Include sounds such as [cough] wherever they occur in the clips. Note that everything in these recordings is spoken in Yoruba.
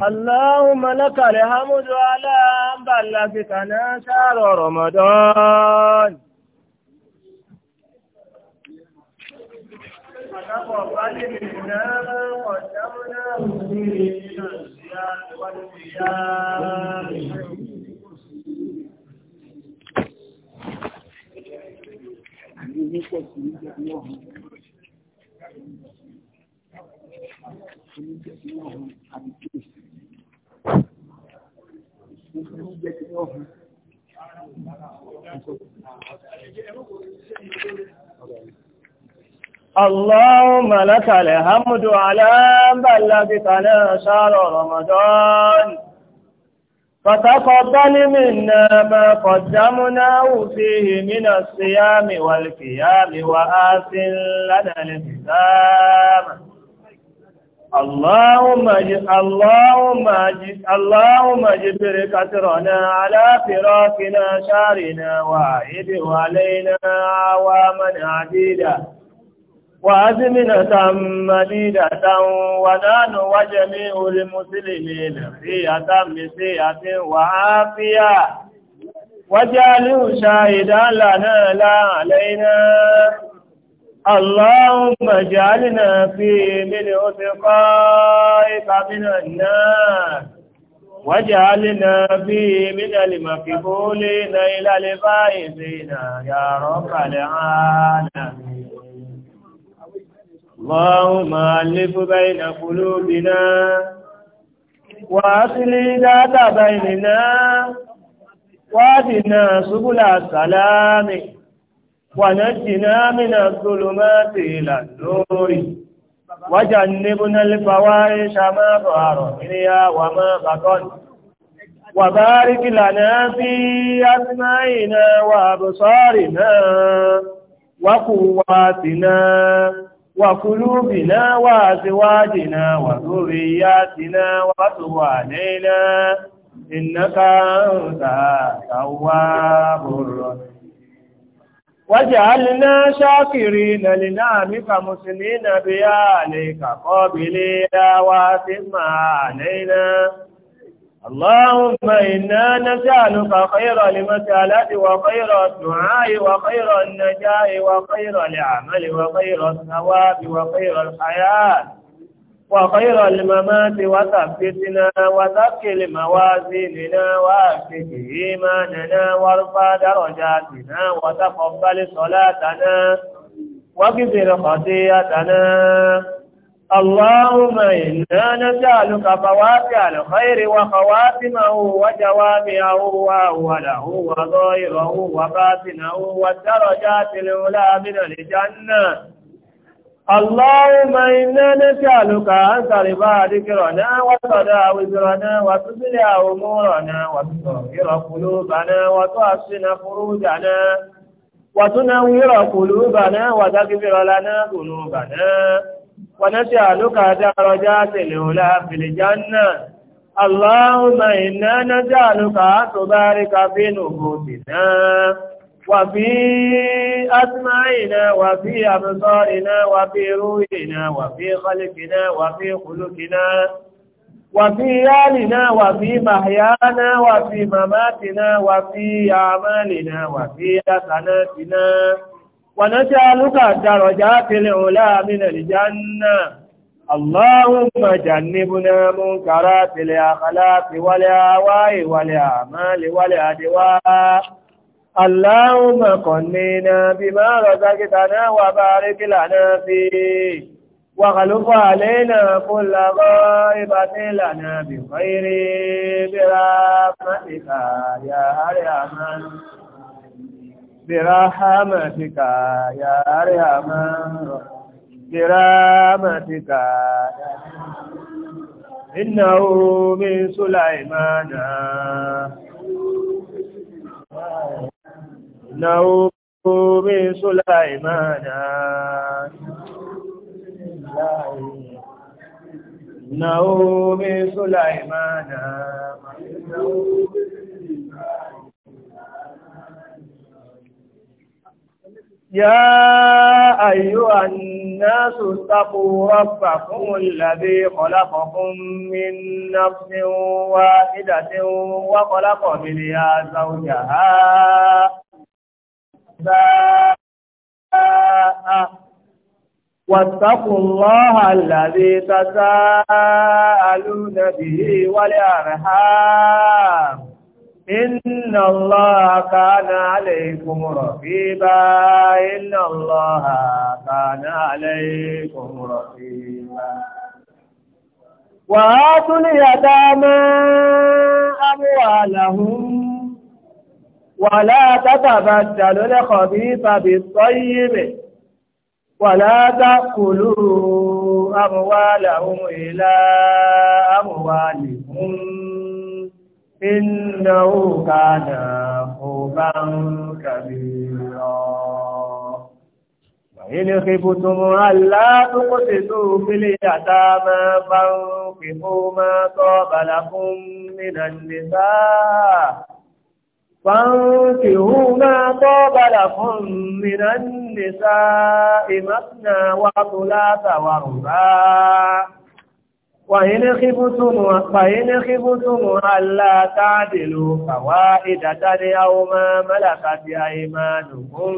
اللهم لك الحمد على أن بلغتنا شهر رمضان وتقبل منا ما قدمناه من الصيام والقيام Thank you. اللهم لك الحمد على بلغتنا شهر رمضان فتقبل منا ما قدمناه فيه من الصيام والقيام وآثن لنا الحساب اللهم اجد اللهم اجد اللهم اجد بركتنا على فراقنا شارنا واعد علينا عواما عديدا وأزمنة مديدة ونحن وجميع المسلمين خية بسيئة وعافية وجعله شاهدا لنا لا علينا اللهم اجعلنا في من أتقائك من النار واجعلنا في من المكبولين إلى الفائزين يا رب العالمين اللهم ألف بين قلوبنا وأصل ذات بيننا وأدنا سبل السلام ونجنا من الظلمات إلى النور وجنبنا الفواحش ما ظهر منها وما بطن وبارك لنا في أسماعنا وأبصارنا وقواتنا وقلوبنا وأزواجنا وذرياتنا وتب علينا إنك أنت التواب الرحيم وجعلنا شاكرين لنعمك مسلمين بها عليك قابلين واتم علينا اللهم إنا نسألك خير المسألة وخير الدعاء وخير النجاة وخير العمل وخير الثواب وخير الحياة وخير الممات وثبتنا وثقل موازيننا وأكد إيماننا وارفع درجاتنا وتقبل صلاتنا وكفر خطيئتنا اللهم إنا نسألك فواتع الخير وخواتمه وجوامعه وأوله وظاهره وباطنه والدرجات الأولى من الجنة اللهم إنا نسألك أن ترفع ذكرنا وتدع وزرنا وتصلح أمورنا وتطهر قلوبنا وتحسن فروجنا وتنور قلوبنا وتغفر لنا ذنوبنا ونسألك درجات الأولى في الجنة اللهم إنا نسألك أن تبارك في نفوسنا وفي أسماعنا وفي أبصارنا وفي روحنا وفي خلقنا وفي خلقنا وفي آلنا وفي محيانا وفي مماتنا وفي أعمالنا وفي حسناتنا ونسألك درجات العلا من الجنة اللهم جنبنا منكرات الأخلاق والأهواء والأعمال والأدواء اللهم قنينا بما رزقتنا وبارك لنا فيه وخلف علينا كل غائبة لنا بخير برحمتك يا أرحم برحمتك يا أرحم برحمتك إنه من سليمان إنه من سليمان إنه من سليمان يا أيها الناس اتقوا ربكم الذي خلقكم من نفس واحدة وخلق منها زوجها واتقوا الله الذي تساءلون به والأرحام إن الله كان عليكم رقيبا إن الله كان عليكم رقيبا وآتوا اليتامى أموالهم ولا تتبدلوا الخبيث بالطيب ولا تأكلوا أموالهم إلى أموالكم إنه كان حوبا كبيرا وإن خفتم ألا تقسطوا في اليتامى فانفقوا ما طاب لكم من النساء فانكهوا ما طاب لكم من النساء مثنى وثلاث ورباع وإن خفتم فإن خفتم ألا تعدلوا فوائدة أو ما ملكت أيمانكم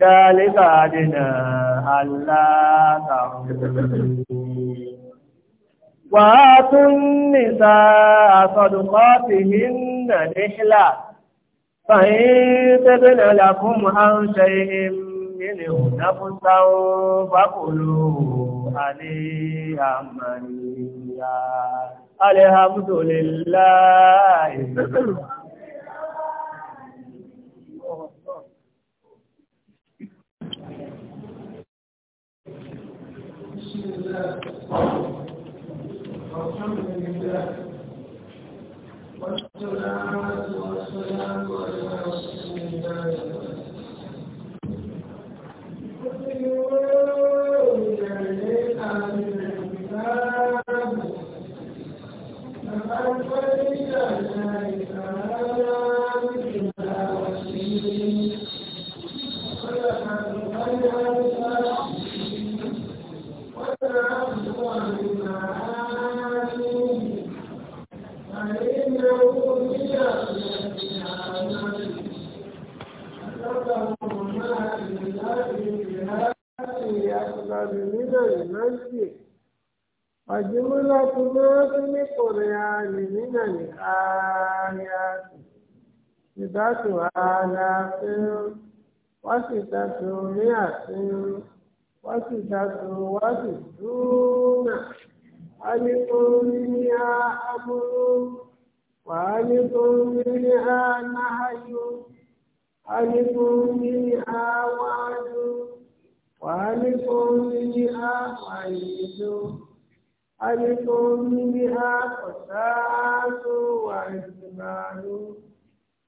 ذلك أدنى ألا تعدلوا وآتوا النساء صدقاتهن نحلة فإن تبن لكم عن شيء منه نفسا فكلوا عليها منيا الحمد لله Thank you. والحمد لله والصلاة والسلام على رسول tó ní àtún wọ́n sì dájú wọ́n sì dúnà wọ́n ní kó ní àmúrú wọ́n ní kó ní ànáhàyò wọ́n ní kó ní àwájú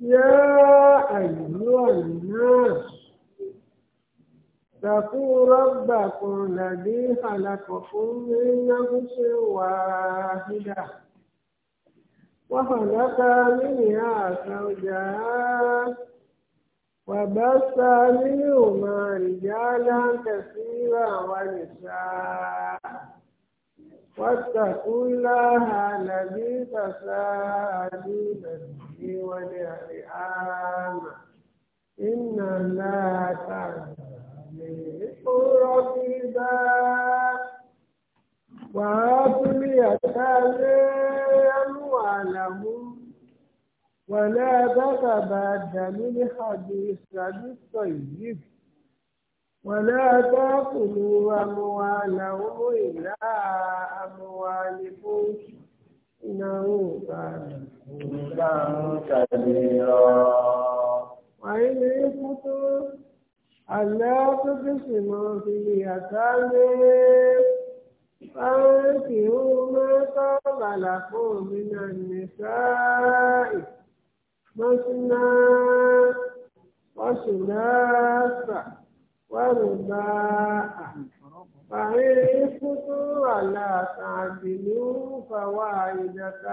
يا أيها الناس اتقوا ربكم الذي خلقكم من نفس واحده وخلق منها زوجها وبث منهما رجالا كثيرا ونساء واتقوا الله الذي تساءلون به والارحام ان الله كان رقيبا وآتوا اليتامى أعلم ولا تتبادل حديث بالطيب ولا تأكلوا أمواله إلى أموالكم إنه كان حوبا كبيرا وإن خفتم ألا تقسموا في اليتامى فانكحوا ما طاب لكم من النساء مثنى وثلاث ورباع فإن خفتم ألا تعدلوا فواحدة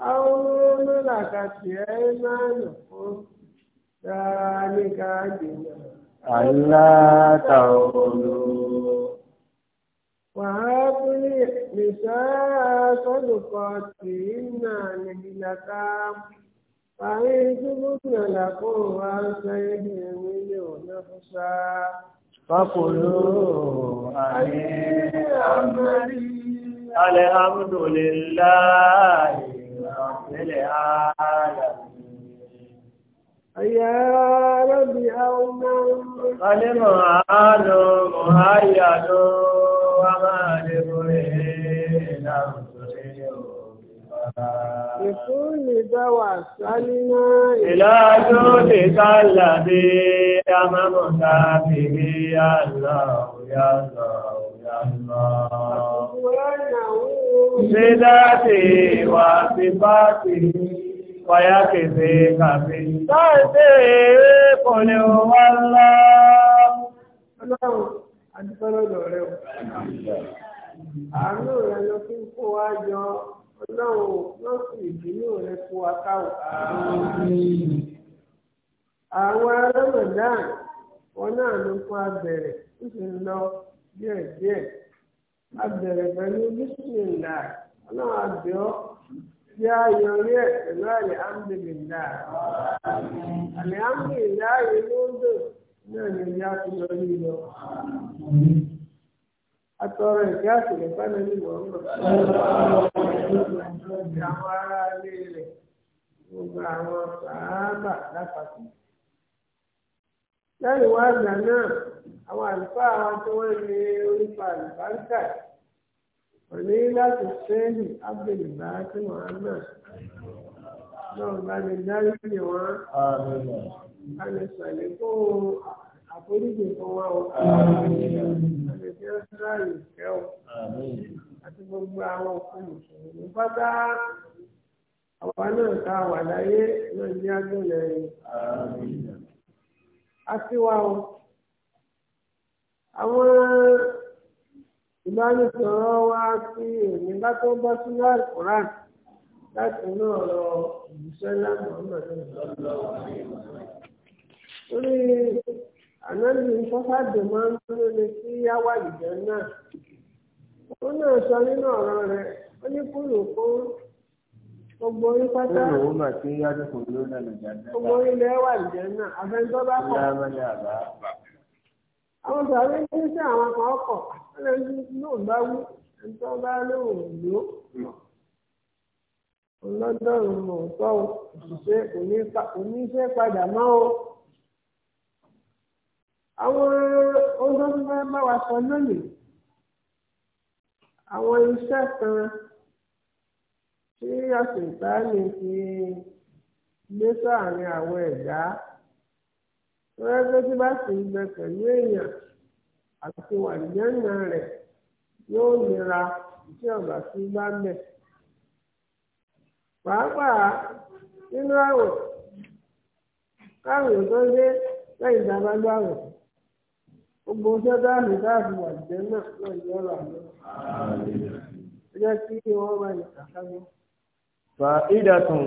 أو ملكت أيمانكم ذلك أدنى ألا تعولوا وآتني نساء صدقاتهن نحلة فإن تبدن لكم عن شيء منه نفسا فقلوا أمين الحمد لله رب العالمين يا رب أومن قد معاد مهيد وما لامرئ نفسه لكل دواء سلمى إلى جودك الذي أممت به يا الله يا الله يا الله بذاته وصفاته ويكفيك بالصدق قل هو الله adúpẹ́ lọ́dọ̀ o àánú rẹ ló fi ń kó wa jọ ọlọ́run ló sì ìbínú rẹ kó wa àwọn Ramadan wọn náà ló fún abẹ̀rẹ̀ ó sì ń lọ abẹ̀rẹ̀ pẹ̀lú ọlọ́run tí a yọrí ẹ̀ pẹ̀lú àlẹ́ àmì àmì yìí náà ni ìyá ti lọ rí lọ. Atọrọ ìfẹ́ àtìlẹ̀ fẹ́mi ní ìwọ̀n lọ. Àwọn ará ilé rẹ̀ gbogbo àwọn sàábà lápapọ̀. Lẹ́yìn wá náà, àwọn àlùfáà wa tí wọ́n ní orípa àlùbáríkà òní láti sẹ́yìn ábẹ̀lùbá alẹ́sàlẹ̀ kó àforíjì kan wá o àlẹ́sẹ̀ ọ́sàlì kẹ́ o àti gbogbo àwọn òkun mùsùlùmí pátá àwa náà ká wà láyé náà ní agbóhùn ẹ̀yìn. a ti wá o àwọn ìbánisọ̀rọ̀ wa ti èmi bá tó bọ́ sínú àìkúrán láti inú ọ̀rọ̀ ìbùsẹ́ lágbọ̀n náà torí ànábì fọ́fàdé máa ń dúró lé sí yáwá ìjẹ́ náà ó náà sọ nínú ọ̀rọ̀ rẹ̀ ó ní kúrò fún gbogbo orí pátá gbogbo orí ilẹ̀ wà ìjẹ́ náà àfẹ́ńtọ́ bá kọ̀ àwọn tàbí ní sí àwọn kan ọkọ̀ ẹni náà bá wú ẹni tó bá lóun lò ó lọ́dọ̀rùn-ún mọ̀ ọ́ tọ́ òṣìṣẹ́ oníṣẹ́ padà mọ́ ọ́. àwọn ohun tó fẹ́ bá wa sọ lónìí àwọn iṣẹ́ kan tí ọ̀sìn si fi gbé sáàrin àwọn ẹ̀dá wọ́n gbé tí bá sì ń bẹ pẹ̀lú èèyàn àti yóò nira tí ọ̀gá sí bá ń pàápàá nínú àwẹ̀ káwọn tó gbogbo ọjọ́ dáàbò dáàbò àjẹ́ náà náà yọ ọ́ làwọn. ẹ jẹ́ kí wọ́n máa yẹ kàkà mọ́. fa ìdàtún.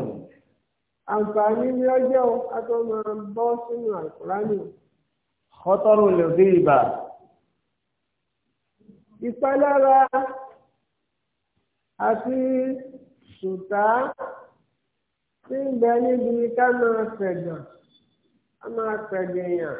àǹfààní ni ọjọ́ atọ́ máa bọ́ sínú àkùránì. kọ́tọ́rù lè rí ibà. ìpalára àti sùtá tí ń bẹ níbi ká máa fẹ̀gàn ká máa fẹ̀gàn èèyàn.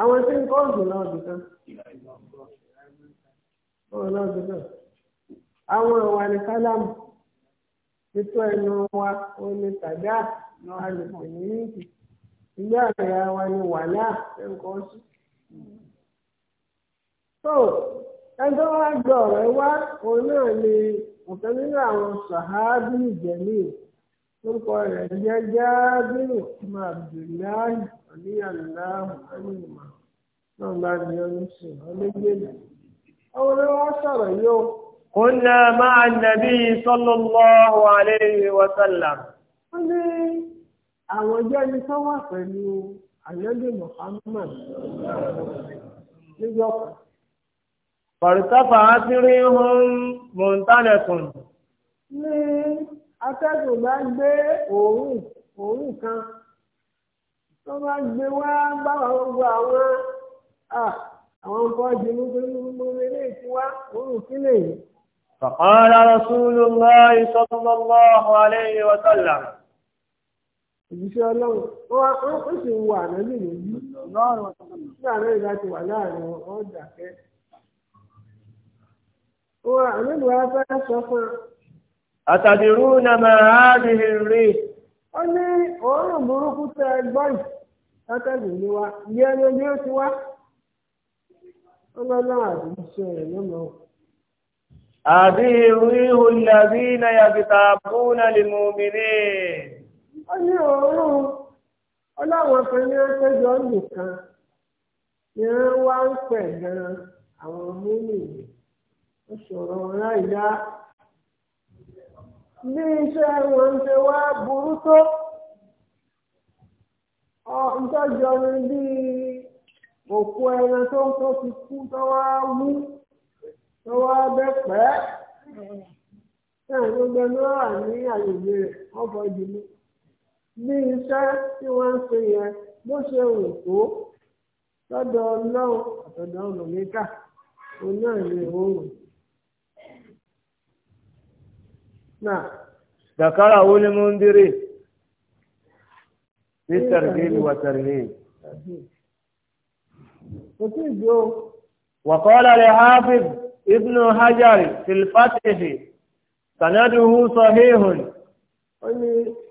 àwọn tí ń kọ́ ọ̀gbìn náà dùn kan ọ̀rọ̀ náà dùn kan àwọn ìwà ní kálámù títọ́ ẹnu wa ó ní tàgá alùpùpù ní ìgbà àyà wa ní wàhálà ẹ̀kọ́ sí. tó ẹjọ́ wa gbọ́ ọ̀rẹ́ wá òun náà ni ọ̀kan nínú àwọn sàhábì jẹ̀mí orúkọ rẹ̀ jẹ́ jábìrì ọmọ abdullahi àbí àláàmù ẹnìmọ náà bá ní ọdún sí ọ méjèèjì. àwọn ni wọn sọ̀rọ̀ yìí o. kúnlẹ máa nàbí sallallahu alayhi wa sallam. wọn ní àwọn jẹni tó wà pẹ̀lú àyọ̀dé Muhammad níjọ́ kan. Pọ̀rìtọ́fà ásírí hún Mọ̀ntánẹ̀kùn. Ní atẹ́gùn bá gbé òórùn kan tó bá gbé wá báwa gbogbo àwọn àwọn nǹkan jìnnú tó ní gbogbo ilé ìtiwá òun kílẹ̀ yìí. فقال رسول الله صلى الله عليه وسلم ìjíṣẹ́ ọlọ́run wọ́n ó sì ń wà lẹ́lì lójú lọ́rùn nígbà náà ìgbà ti wà láàrin wọn dàkẹ́. wọn àmìlú wa fẹ́ sọ fún un. àtàdìrú na máa á di rí. ó ní òórùn burúkú tẹ gbọ́ yìí látàgbè ní wa ìyá ẹni ojú ó ti wá ọlọ́lá àdúgbò rẹ̀ lọ́mọ. àbí ríhu làbínà yàtìtà fún àlìmọ́mìnì. ó ní òórùn ọlọ́wọ́n kan ní akẹ́jọ́ nìkan ni wọ́n wá ń pẹ̀ gan-an àwọn múmi ó sọ̀rọ̀ ráìdá. bí iṣẹ́ wọn ṣe wá burú tó ìtọ́jú ọmọ bíi òkú ẹran tó ń tó ti kú tó wá wú tó wá bẹ́ pẹ́ náà gbogbo ẹni wọ́n wà ní àgbègbè rẹ̀ wọ́n fọ́ di mú bí iṣẹ́ tí wọ́n ń ṣe yẹn bó ṣe wù tó lọ́dọ̀ ọlọ́run àtọ̀dọ̀ ọlọ́mẹ́kà òun náà ni òun. Dàkárà wo ni mo ń dirè? fi targhib wa tarhib. kò tí ì jó. wa qala al-hafiz ibnu hajar fil fath sanaduhu sahihun.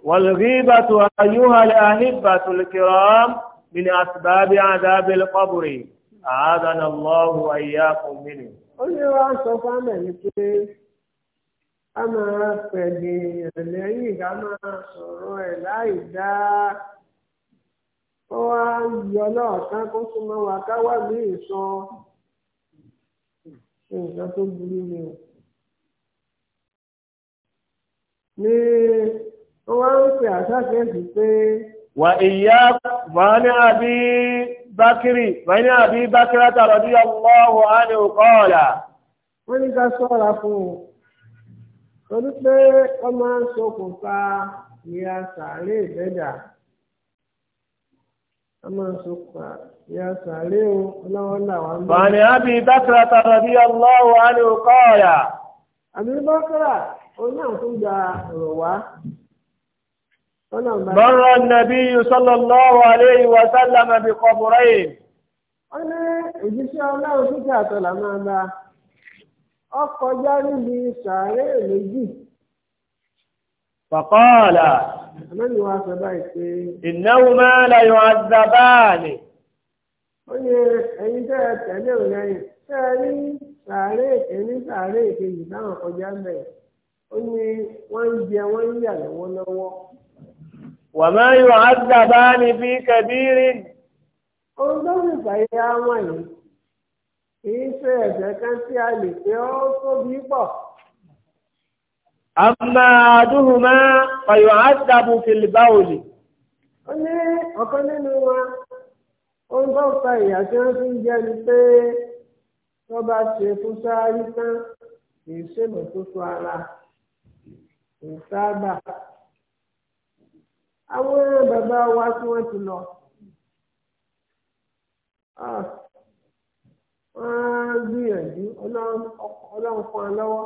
والغيبة أيها الأحبة الكرام من أسباب عذاب القبر أعاذنا الله وإياكم منه ó ní wá sọ fámẹ ní pé a máa pẹ̀lẹ́ ẹ̀lẹ́yìn ká máa sọ̀rọ̀ ẹ̀ láì dáa ó wá yọ náà ká kó súnmọ́ wa ká wá bí ìsọ nǹkan tó burú ni o. ní ó wá ń pè àṣàkẹ́sì pé. wà ìyá mọ́ni àbí bákírì mọ́ni àbí bákírì àtàrà bí ọlọ́wọ́ á ní òkọ́ ọ̀la. wọ́n ní ká sọ́ra fún un torí pé wọ́n máa ń ṣokùnfà ìyá sàárè ìbẹ́dà. Bàní Abi Bákra tàbí bí Ọlọ́wọ́ á ní ọkọ́ ọ̀yà. Àbí Bákra, ó náà tún gba ọ̀rọ̀ wá. Bọ́rọ̀ nàbí sallallahu alayhi wa sallam bí qabrayn. Ó ní ìjíṣẹ́ ọlọ́run síkẹ́ àtọ̀là máa bá. Ọkọ̀ já níbi sàárè méjì. Fàkọ́ọ̀lá. Àmẹ́ni wa sọ báyìí pé. Ìnáwó máa la yọ azabáàlì. Ó yẹ ẹ̀yin tẹ́ ẹ tẹ̀lé òun Tẹ́ ẹ rí sàárè èmi sàárè èkejì táwọn kọjá ń bẹ̀. Ó ní wọ́n ń jẹ wọ́n ń yà lọ́wọ́lọ́wọ́. Wà máa yọ azabáàlì bí kẹbírí. Ohun tó sì fàyè àwọn yìí. Kì í ṣe ẹ̀sẹ̀ kan tí a lè pé ó tóbi pọ̀ àmà àdúhùmá ọ̀yọ̀ àdàbù fìlìbá òlì. ó ní ọ̀kan nínú wa ohun tó fa ìyà tí wọ́n fi ń jẹ́ ni pé wọ́n bá ṣe fún sáárì tán kì í ṣèmọ̀tótó ara kì í sábà. àwọn bàbá wa tí wọ́n ti lọ wọ́n gbìyànjú ọlọ́run fún wa lọ́wọ́.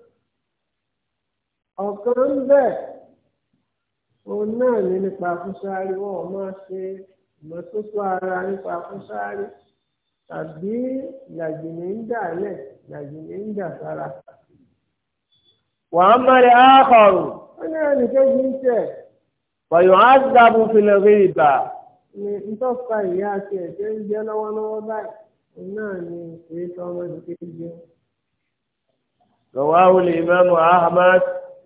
ọ̀kan ń bẹ̀ òun náà ní nípa fúnṣáárì wọn ò máa ṣe ìmọ́tótó ara nípa fúnṣáárì tàbí làjìnnì ń dà lẹ̀ làjìnnì ń dà sára. wàá mẹ́rin ákọ̀rù. wọ́n ní ẹnìkejì ń tẹ̀. wàyọ̀ á dàbò fìlẹ̀ rí ibà. ní ntọ́ka ìyá àti ẹ̀jẹ̀ ń jẹ́ lọ́wọ́lọ́wọ́ báyìí òun náà ní ìpè tọ́mọdé kejì. lọ́wọ́ àwọn olè ìmáàmù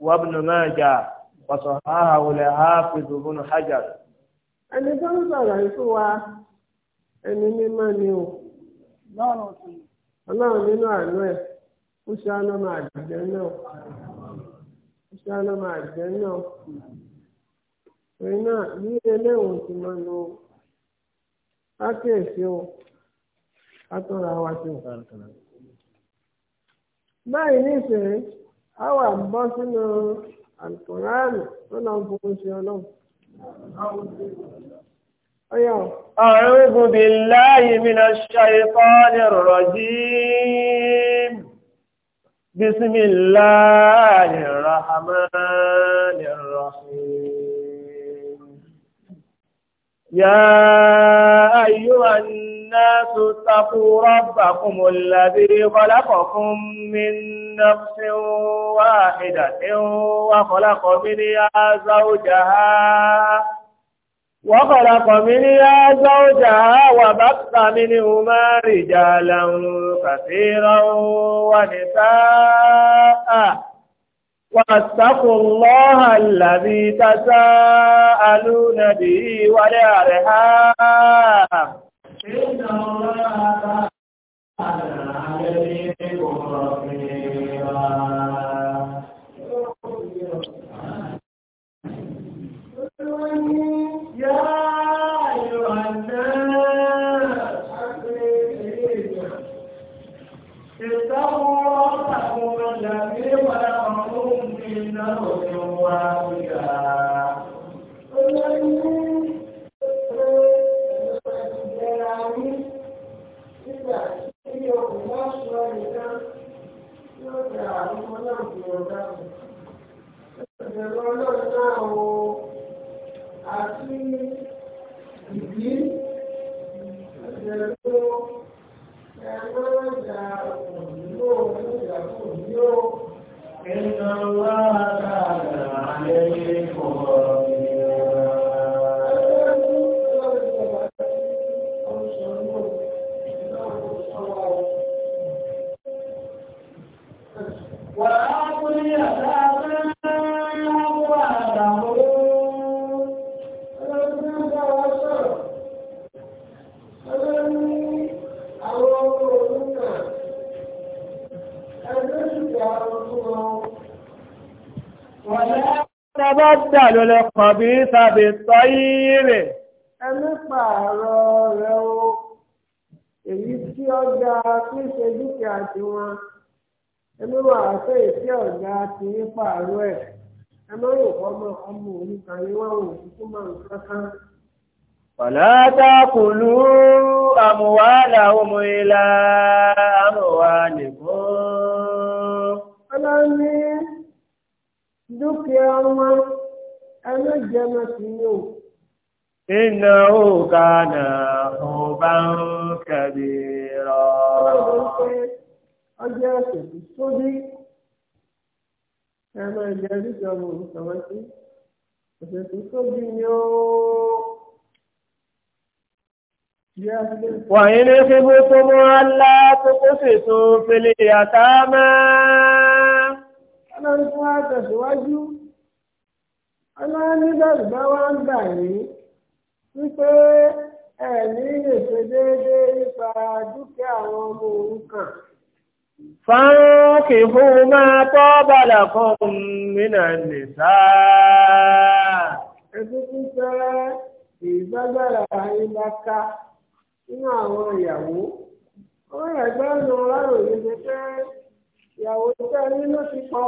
وابن ماجه وصححه الحافظ ابن حجر ẹni tó ń sọ̀rọ̀ yìí ẹni mímọ́ ni o ọlọ́run nínú àánú ẹ̀ ó ṣe àná máa jẹ́ náà ó ṣe àná máa jẹ́ a wà bọ́ sínú àlùkòránù tó náà ń fowó ṣe ọlọ́run. أعوذ بالله من الشيطان الرجيم بسم الله الرحمن الرحيم يا أيها الناس الناس اتقوا ربكم الذي خلقكم من نفس واحدة وخلق منها زوجها وخلق منها زوجها وبقى منهما رجالا كثيرا ونساء واتقوا الله الذي تساءلون به والأرحام Esta morada, yubaddalu al-khabitha bit-tayyib. ẹmí pààrọ̀ rẹ̀ o èyí tí ọjà tí ń ṣe dúkìá tiwọn ẹmí wà á fẹ́ ìṣe ọ̀gá tí ń pààrọ̀ ẹ̀ ẹ má rò fọmọ ọmọ oníta ni wọn ò kúkú máa ń kankan. ولا تاكلوا أموالهم إلى أموالكم Ọlọ́ni dúkìá wọn ẹlẹ́jẹ̀mọ́ sí ní o. iná ó ká náà ó bá ń kẹ́bi rọ. ọjọ́ ẹ̀sẹ̀ tó sódì ẹ máa jẹ ẹ̀ríjọ ọmọ òṣèwọ́n sí ẹ̀sẹ̀ tó sódì ni ó. وإن خفتم ألا تقسطوا في اليتامى. أنا أنت تسواجو ọlọ́níbẹ̀rù bá wá ń gbà yín wípé ẹ̀mí lè ṣe déédéé nípa dúkìá àwọn ọmọ òrukàn. fáńkì fún máa tọ́ bàlà kan nínà nìsá. ẹbí fífẹ́ ìgbàgbára ìlàkà nínú àwọn ìyàwó ó rẹ̀ gbẹ́nu aláròyé ṣe pé ìyàwó tẹ́ ní ló ti pọ̀.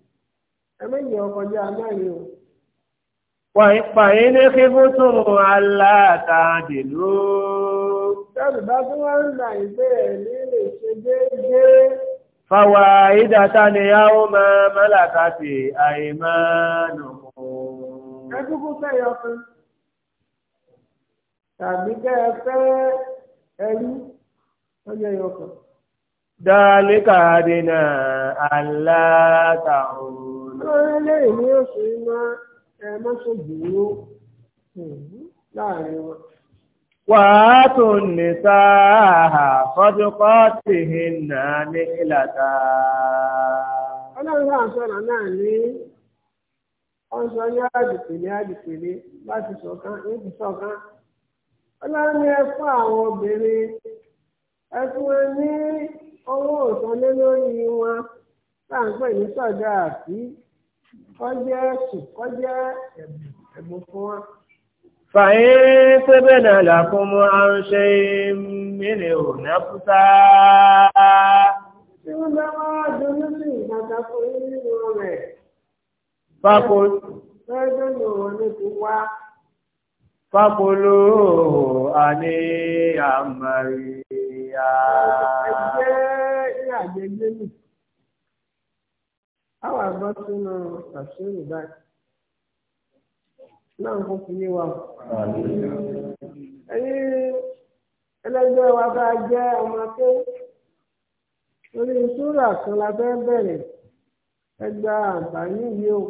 ẹ̀mẹ́yìn ọkọjá mẹ́rin o. Pàyín ní fífún tún aláàtàdìlú. Bẹ́ẹ̀ni bá tún wá ń gbà ìbéèrè ní lè ṣe déédéé. Fàwà ìdàta ni a ó máa mọ́làkà sí àìmánù. Ẹ kúkú fẹ́yọ fún. Tàbí kẹ́ ẹ fẹ́ ẹrú ọjọ́ ìyọkọ̀. Dálíkà lẹ́yìn ni yóò ṣe máa ẹ mọ́ṣọ́gbìnrin láàrin wọn. Wàátù nìta fọ́dúkọ́ ti hìnà ní ìlàta. Ọlọ́run náà náà ní wọ́n sọ ní àdìpèlé àdìpèlé láti sọ̀kan níbi sọ̀kan. Ọlọ́run ní àwọn obìnrin wọn ní lórí wọn kọjá ẹ̀sùn kọjá ẹ̀bùn fún wa. fàyín pépè náà làkún mú aránṣẹ́ mílẹ̀ ò ná kúta. tí wọ́n bá wá dúró sí ìgbàgbà fún yín nínú rẹ̀. fáko. fẹ́ẹ́dọ́ ni òun ní ti wá. Fápolú àní àmàríyá. Ẹgbẹ́ ní àgbègbè nìkan àwọn àgbọ̀ sínú àṣírí báyìí náà ń fún yé wa. ẹ̀yin ẹlẹ́gbẹ́ wa bá jẹ́ ọmọ pé orí ìṣúra kan la fẹ́ bẹ̀rẹ̀ ẹgbẹ́ àǹfààní yìí o.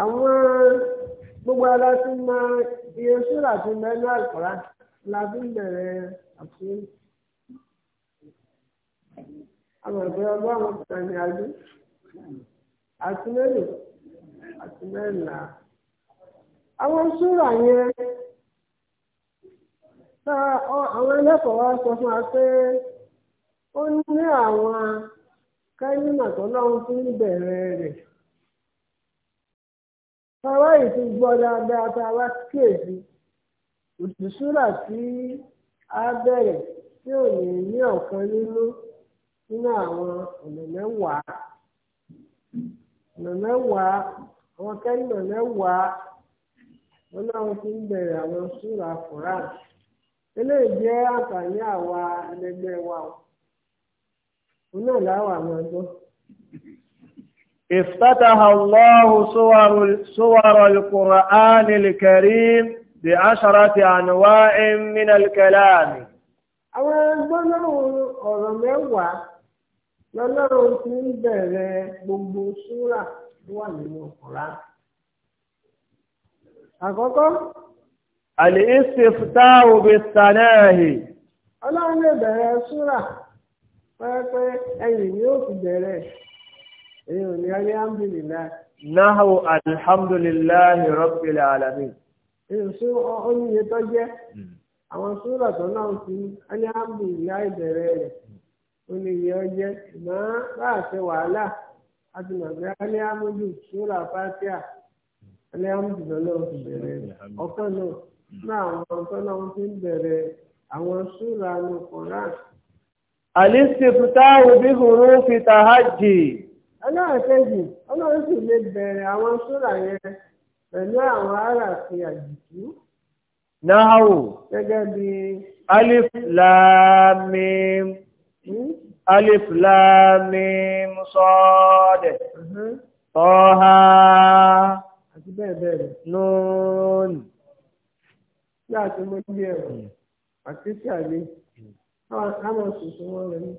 àwọn gbogbo ara ti máa iye ìṣúra ti mẹ́lú àkùrá la fi bẹ̀rẹ̀ àṣírí. àmọ̀gbẹ́ ọgbọ ún kan ní adú àti mélòó àti mẹ́rìnlá. àwọn súrà yẹn tá àwọn ẹlẹ́kọ̀ọ́ wa sọ fún wa pé ó ní àwọn kẹ́límà tọ́lọ́run tó ń bẹ̀rẹ̀ rẹ̀ táwa yìí ti gbọ́ dáadáa táwa kíyèsí tí a bẹ̀rẹ̀ tí ò ní nínú àwọn ọ̀nà mẹ́wàá ọ̀nà mẹ́wàá àwọn kẹ́lìmọ̀ mẹ́wàá wọn náà ń bẹ̀rẹ̀ àwọn súra eléyìí jẹ́ àǹfààní àwa ẹlẹgbẹ́ wa náà láwà máa gbọ́. افتتح الله صور صور القرآن الكريم بعشرة أنواع من الكلام. lọ́lọ́run ti ń bẹ̀rẹ̀ gbogbo súrà tó wà nínú ọ̀rá. àkọ́kọ́. àlè ìsèfúta òbí sanáàhì. ọlọ́run lè bẹ̀rẹ̀ súrà pẹ́ẹ́pẹ́ ẹ̀yìn ni ó fi bẹ̀rẹ̀ èyí ò ní alhamdulillah. nahu alhamdulillah rabbil alamin. èyí sí oníye tó jẹ́ hmm. àwọn súrà tó náà fi alhamdulillah ìbẹ̀rẹ̀ rẹ̀. ó lè yẹ ọ ṣùgbọ́n bá a wàhálà a ti mọ̀ sura fatia alihamudu lọ́lọ́ ti bẹ̀rẹ̀ ọ̀kan náà ní àwọn ọ̀kan náà bẹ̀rẹ̀ àwọn sura ní koran. lè bẹ̀rẹ̀ àwọn sura yẹn pẹ̀lú àwọn ará alif lam mim sad uh-huh. tọ́ha àti bẹ́ẹ̀ bẹ́ẹ̀ rẹ̀ nùún a ti mọ ilé ẹ̀rọ àti tí a lè káwọn tuntun wọn rẹ̀ ní.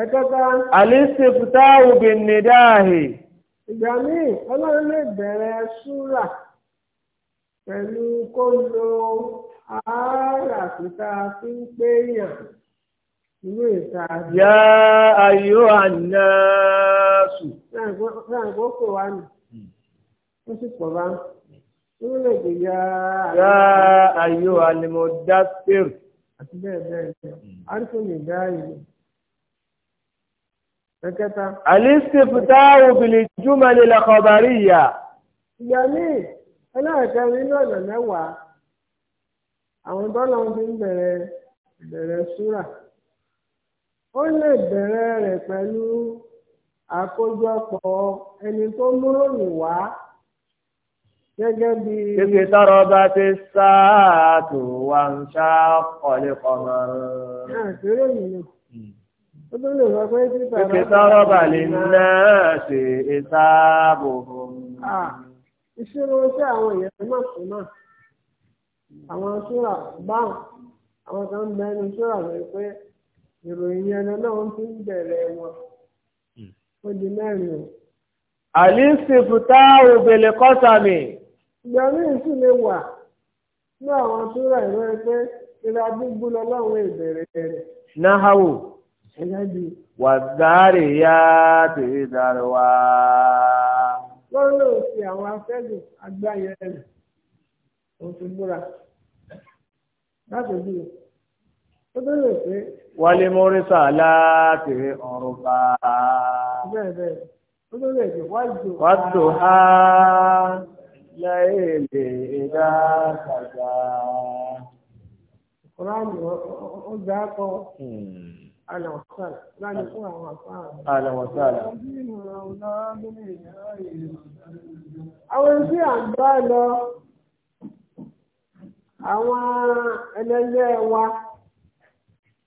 ẹ̀kẹ́ta. àlìsí fútáwù bí nìdáàhì. ìgbà míì yá ayò ànáàsù. láǹkó kò wá nù hmm. ó sì pọ̀ bá orílẹ̀-èdè yá. yá ayò ànìmọ̀dáfẹ́rù. àti bẹ́ẹ̀ bẹ́ẹ̀ bẹ́ẹ̀ hmm. àrífò lè dá ìlú. ẹ̀kẹta. àlìsífútà òbílì júmọ̀lì làkọ̀bàrí ìyá. ìyá mi ẹlẹ́ẹ̀kẹrin náà nà mẹ́wàá àwọn bọ́lá ń bẹ̀rẹ̀ bẹ̀rẹ̀ súrà ó lè bẹ̀rẹ̀ rẹ̀ pẹ̀lú àkójọpọ̀ ẹni tó múròyìn wá gẹ́gẹ́ bí. Ibi tọrọ bá ti sáàtù wà ń ṣá ọ̀lẹ́ kọ̀mọ̀. Àṣírí tọrọ bà lè náà ṣe ìsáàbò. Ìṣirò iṣẹ́ àwọn èèyàn náà kù náà. Àwọn ṣúra báwọn, àwọn kan bẹnu ṣúra rẹ̀ pé ìròyìn ẹnu náà fi ń bẹ̀rẹ̀ wọn hmm. ó di mẹ́rin o. àlìsìfùtà òbèlè lè wà ní àwọn túrọ̀ ìlú ẹgbẹ́ ìlà gbígbó lọ́wọ́ ìbẹ̀rẹ̀ rẹ̀. yá wá. wọ́n lò sí àwọn afẹ́gùn rẹ̀ òfin láti ó bẹ̀rẹ̀ pé. wálé mọ́rísà látìrí ọ̀rùn bá a. bẹ́ẹ̀ bẹ́ẹ̀ ó bẹ̀rẹ̀ pé wájú. wájú ha láyé lè dá kàjá. kúránì ó gbà kọ. أهلا وسهلا أهلا àwọn tí à ń bá lọ àwọn ẹlẹgbẹ́ wa.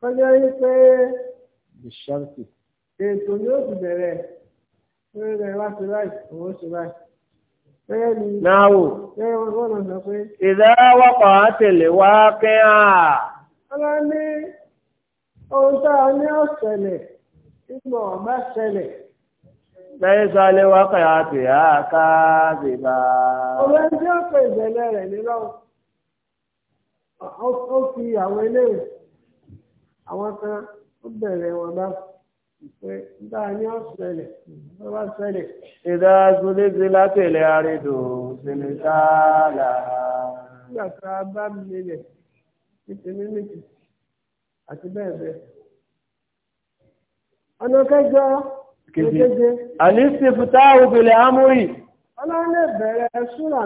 kọjá yìí pé bishọ́ọ̀tì ètò yóò ti bẹ̀rẹ̀ pé rẹ̀ wá sí láì òun sí láì. Náwó. Ìdáwọ́pọ̀ àtẹ̀lé wá kẹ́hà. Ọlá ní ohun tá a ní ọ̀sẹ̀lẹ̀ ìgbọ̀n ọ̀bá ṣẹlẹ̀. Lẹ́yìn sọ alẹ́ wá kẹ́hà tì á ká bìbá. Ọ̀rẹ́ tí ó pè ìbẹ̀lẹ̀ rẹ̀ nílọ́wọ́. Ó fi àwọn eléyìí àwọn kan ó bẹ̀rẹ̀ wọn bá pé nígbà ní ọ̀sẹ̀lẹ̀ tó bá ṣẹlẹ̀. ìdá gbólébí látẹ̀lẹ̀ àrídò sínú sáàlà. nígbà tá a bá nílẹ̀ nítorí méjì àti bẹ́ẹ̀ bẹ́ẹ̀. ọ̀nà kẹjọ kéje. àní sèfúta òbílẹ̀ amúrì. ọlọ́run lè bẹ̀rẹ̀ súrà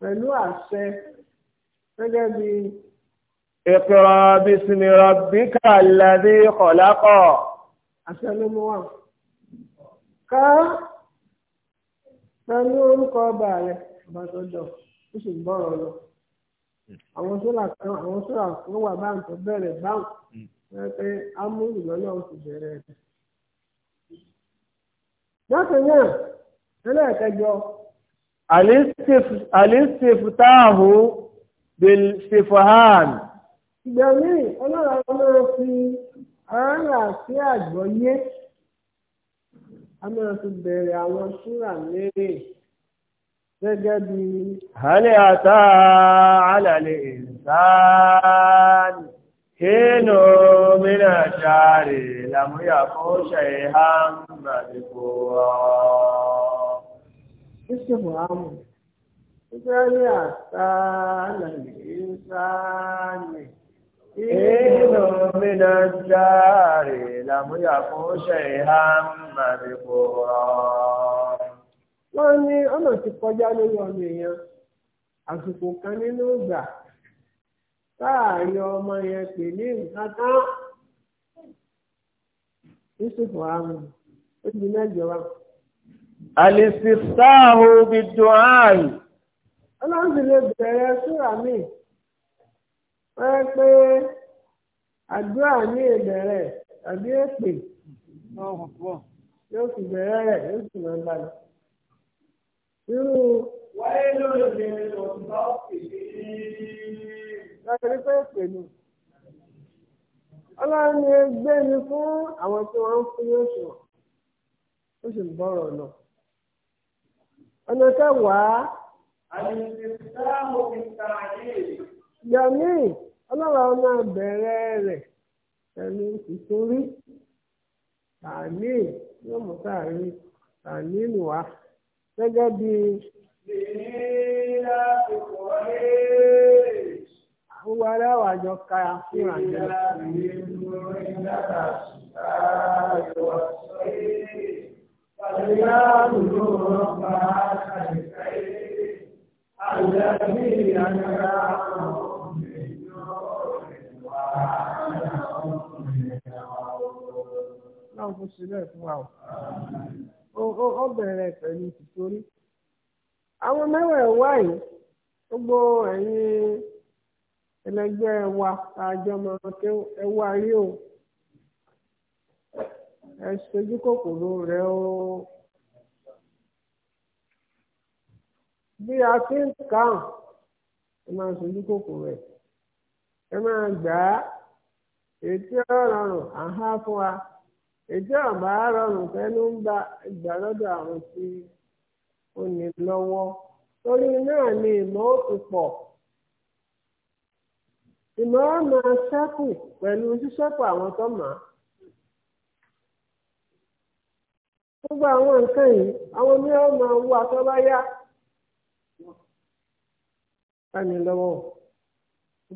pẹ̀lú àṣẹ gẹ́gẹ́ bíi. اقرأ باسم ربك الذي خلق أسأل الله ká ta ní orúkọ ọba rẹ ọba tó dọ ó sì ń bọ̀rọ̀ lọ àwọn sólà kan àwọn sólà kan wà báwọn tó bẹ̀rẹ̀ báwọn hmm. wọn pé amúlù lọ́nà oṣù bẹ̀rẹ̀ rẹ̀. bákan náà ẹlẹ́ẹ̀kẹjọ. àlìsèfùtáàhù bìlìsèfùhàn gbẹ̀mí ọlọ́run máa fi àárà sí àgbọ́yé a máa fi bẹ̀rẹ̀ àwọn súrà mẹ́rin gẹ́gẹ́ bí. hali ata alali insani hinu mina shari lamuya ko shaihan madikura. Isi Muhammad, ita ni ata alali insani. Inú mi lọ járe làmúyà fún ṣe ìhá màdìbò rọ̀. Wọ́n ní ọ̀nà ti kọjá lórí ọmọ èèyàn. Àsìkò kan nínú ìgbà táàrí ọmọ yẹn pè ní nǹkan kan. Yusuf Amu, ó ti di wa. Àlèsì sáà ó bi dùn Ọlọ́run ti lè bẹ̀rẹ̀ súrà míì. wọ́n pé àdúrà ní ìbẹ̀rẹ̀ àbí èpè yóò sì bẹ̀rẹ̀ rẹ̀ yóò sì máa bá irú. wáyé lórí mi ni mo bá pè èpè ni. ọlọ́run ni gbé mi fún àwọn tí wọ́n ń fún yóò sùn ó sì ń bọ̀rọ̀ lọ. ọ̀nà kẹwàá. àyè ọlọ́run a máa bẹ̀rẹ̀ rẹ̀ pẹ̀lú ìsorí tàní yóò mú káàrí tàní nù wá gẹ́gẹ́ bí. Gbogbo ara wà jọ ka fún àjọ. Àyà ló ń bá àyíká láwọn fún ṣe bẹ́ẹ̀ fún wa o ó bẹ̀rẹ̀ pẹ̀lú tìtorí àwọn mẹ́wẹ̀ẹ́ wá yìí gbogbo ẹ̀yin ẹlẹgbẹ́ wa àjọmọ ẹwà rí o ẹ ṣojú kòkòrò rẹ o. bí a ti ń kàn ẹ máa ṣojú kòkòrò rẹ. ẹ máa gbà á ètí ọ̀rọ̀rùn àhá fún wa ètí ọ̀bá rọrùn fẹnu ń bá ìgbà lọ́dọ̀ àwọn tí ó ní lọwọ. torí náà ni ìmọ̀ òkú pọ̀ ìmọ̀ ọ́ máa ṣẹ́kù pẹ̀lú ṣíṣẹ́kù àwọn tó mọ̀ á. gbogbo àwọn nǹkan yìí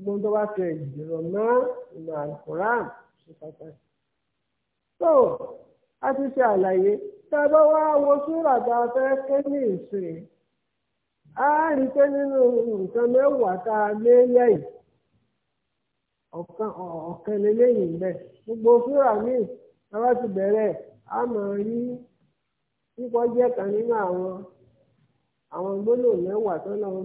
gbogbo tó bá fi ìdìrọ̀ mọ́ ìmọ̀ alukoran ṣe pàtàkì. so a ti ṣe àlàyé tá a bá wá wo súrà tá a fẹ́ ké ní ìsìn a rí nínú nǹkan mẹ́wàá tá a lé lẹ́yìn ọ̀kan ọ̀kan lélẹ́yìn bẹ́ẹ̀ gbogbo súrà a nínú àwọn àwọn mẹ́wàá tó lọ́wọ́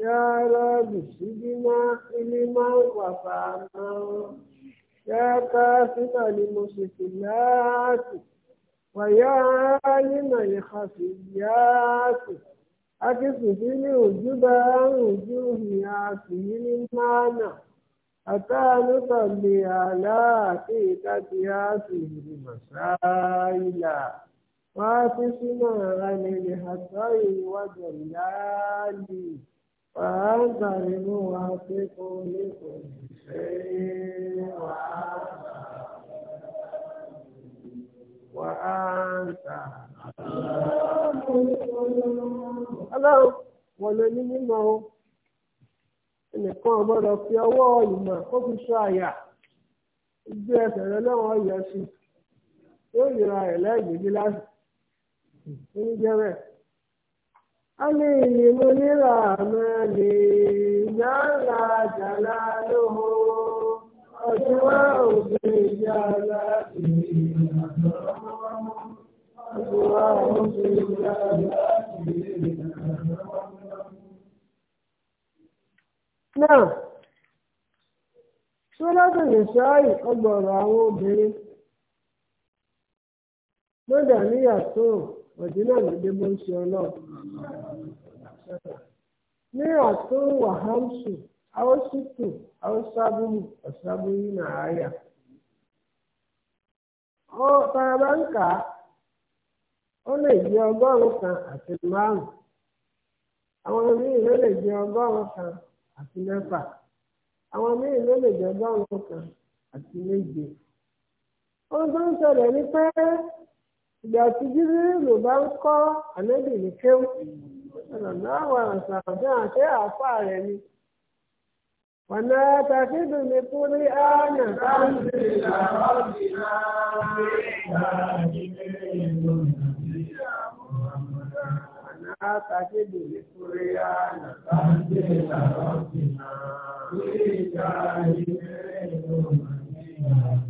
يا رب سيدنا إلما وفانا يا كافنا لمسكنات ويا عالم الخفيات أكف لي وجب عن وجوه ياسين المعنى أتى نصلي على عقيدة ياسين المسائل وافسنا عن الحسن وجلالي فاعترفوا واثقوا لكل شيء وأنت Ọlọ́run wọ̀n ló ní mímọ́ o. Ẹnìkan ọ̀gbọ́dọ̀ fi ọwọ́ ìmọ̀ kó fi ṣọ́ àyà. Ojú ẹsẹ̀ rẹ lọ́wọ́ yọ sí. Yóò yẹra rẹ̀ lẹ́yìn gíláàsì. Ó ní jẹ́ ana-eyire onye na-aana eeaana aja naanụ hụụ daụ eana ola pi ọgbọrawụ obere modenyato ọ̀dínà lóde bó ń ṣe ọlọ́run. Mírà tó wà Hamsu, Aositu, Aosabumu, Osabuyi na Aya. Ọ Taraba ń kà á, ó lè jẹ ọgọ́rùn kan àti márùn Àwọn míì ló lè jẹ ọgọ́rùn kan àti Àwọn míì ló lè jẹ kan àti méje. ìgbà tí jíbírìlù bá ń kọ́ ànábì ní kéwù ọ̀nà àwọn àṣàfihàn ṣé àáfàá rẹ̀ ni. ọ̀nà tàfídù ní kúrí áánà. ní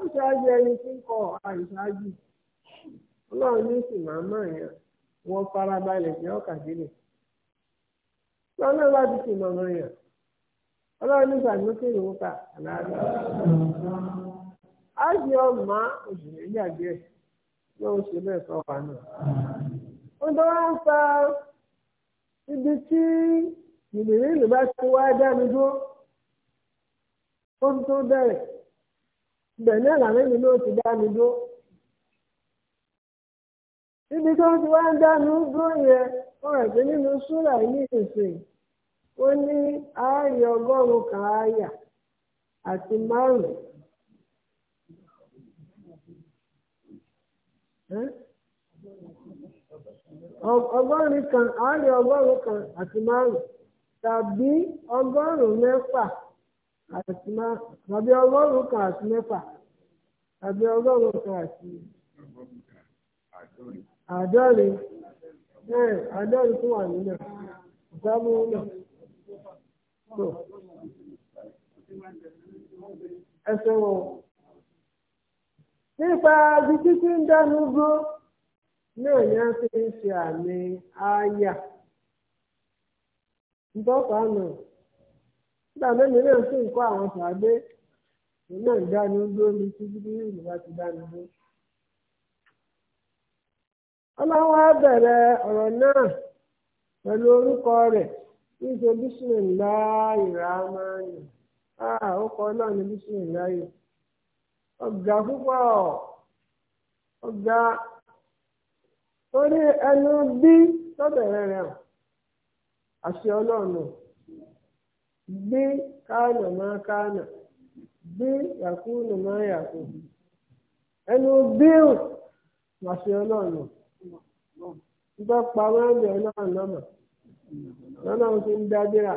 ó ṣáájú ẹni tí ń kọ àìṣáájú ọlọ́run ní sì máa mọ̀ yẹn wọ́n farabalẹ̀ jẹ́ ọ̀kàdínlẹ̀ lọ́nà bá ti sì mọ̀ yẹn ọlọ́run nígbà tó kéde ń kà àlàáfíà á jẹ ọmọ òṣèré gbàgbé ẹ̀ lọ́wọ́ ṣe bẹ́ẹ̀ sọ náà. wọ́n tó wá ń fa ibi tí bá ti wá dúró. ó ń tó bẹ̀rẹ̀ ibẹ̀ náà làwọn náà ti dá mi dúró. tó ti wá ń dá mi dúró yẹn wọ́n rẹ̀ pé nínú súrà yìí nìsín ní kan àti márùn-ún. kan ọgọ́rùn kan àti márùn-ún tàbí ọgọ́rùn àti má tàbí ọgọ́rùn kan àti mẹ́fà tàbí ọgọ́rùn kan àti àádọ́rin ẹ̀ àádọ́rin tó wà nílẹ̀ ìsáàbù náà tó ẹsẹ̀ wọn. nípa títí ń dánú nígbà mẹ́rin náà sì ń àwọn sàádé òun náà ń dánu dúró ní títí ìlú ìlúwa ti dánu dúró. ọlọ́wọ́ bẹ̀rẹ̀ ọ̀rọ̀ náà pẹ̀lú orúkọ rẹ̀ níṣẹ́ bísímìláì rámánì ó náà ní ọ̀gá púpọ̀ ọ̀gá ẹnu bí rẹ̀ be kaana ma kana be yakunu ma yakunu ẹnu bíl màṣẹ ọlọ́run nígbà pa máàbì ọlọ́run lọ́mọ lọ́lọ́run ti ń dájúra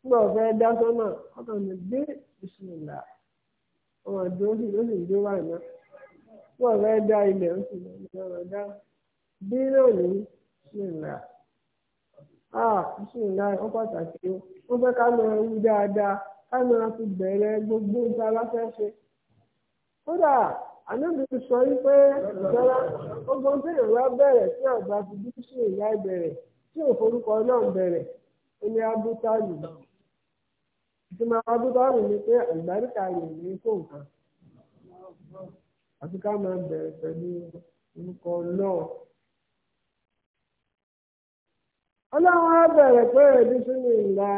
nígbà ọ̀fẹ́ dá sọ́mà ọkàn mi gbé ìṣúná ọmọ ìdó sì ló sì dé wà náà nígbà ọ̀fẹ́ dá ilẹ̀ ó sì bí náà ní bisimilayi ó pàtàkì o wọ́n fẹ́ ká lọ ewu dáadáa ká lọ́ra fi bẹ̀rẹ̀ gbogbo nǹkan aláfẹ́fẹ́ kódà ànábì sọ wípé ìjọba ogun tí ìrora bẹ̀rẹ̀ sí fi tí òforúkọ náà bẹ̀rẹ̀ ìtumọ̀ ni pé àgbáríkà ní kó nǹkan àti ká máa bẹ̀rẹ̀ pẹ̀lú orúkọ ọlọ́run á bẹ̀rẹ̀ pé èdè sínú ìlà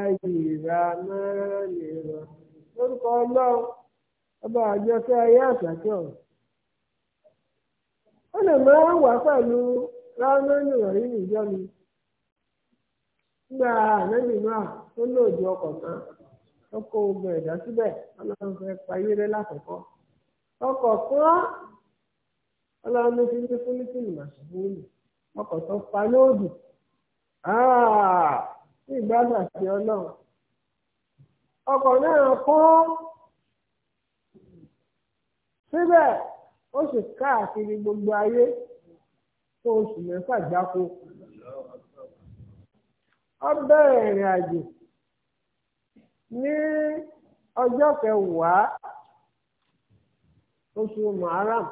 ìrà náà lè lórúkọ ọlọ́run ọba àjọṣe ayé àtàkùn ó lè máa ń wà pẹ̀lú rámẹ́nì wọ̀nyí níjọ mi nígbà àmẹ́nì náà lòdì ọkọ̀ ogun ẹ̀dá síbẹ̀ ọlọ́run fẹ́ payéré ọkọ̀ kan ọlọ́run ń fi fún mi ọkọ̀ tó pa ní ah, ìgbádùn àti ọlọ́run ọkọ̀ náà kún síbẹ̀ ó sì káàkiri gbogbo ayé fún oṣù mẹ́fà gbáko ó bẹ̀rẹ̀ ìrìn àjò ní ọjọ́ kẹwàá oṣù muharram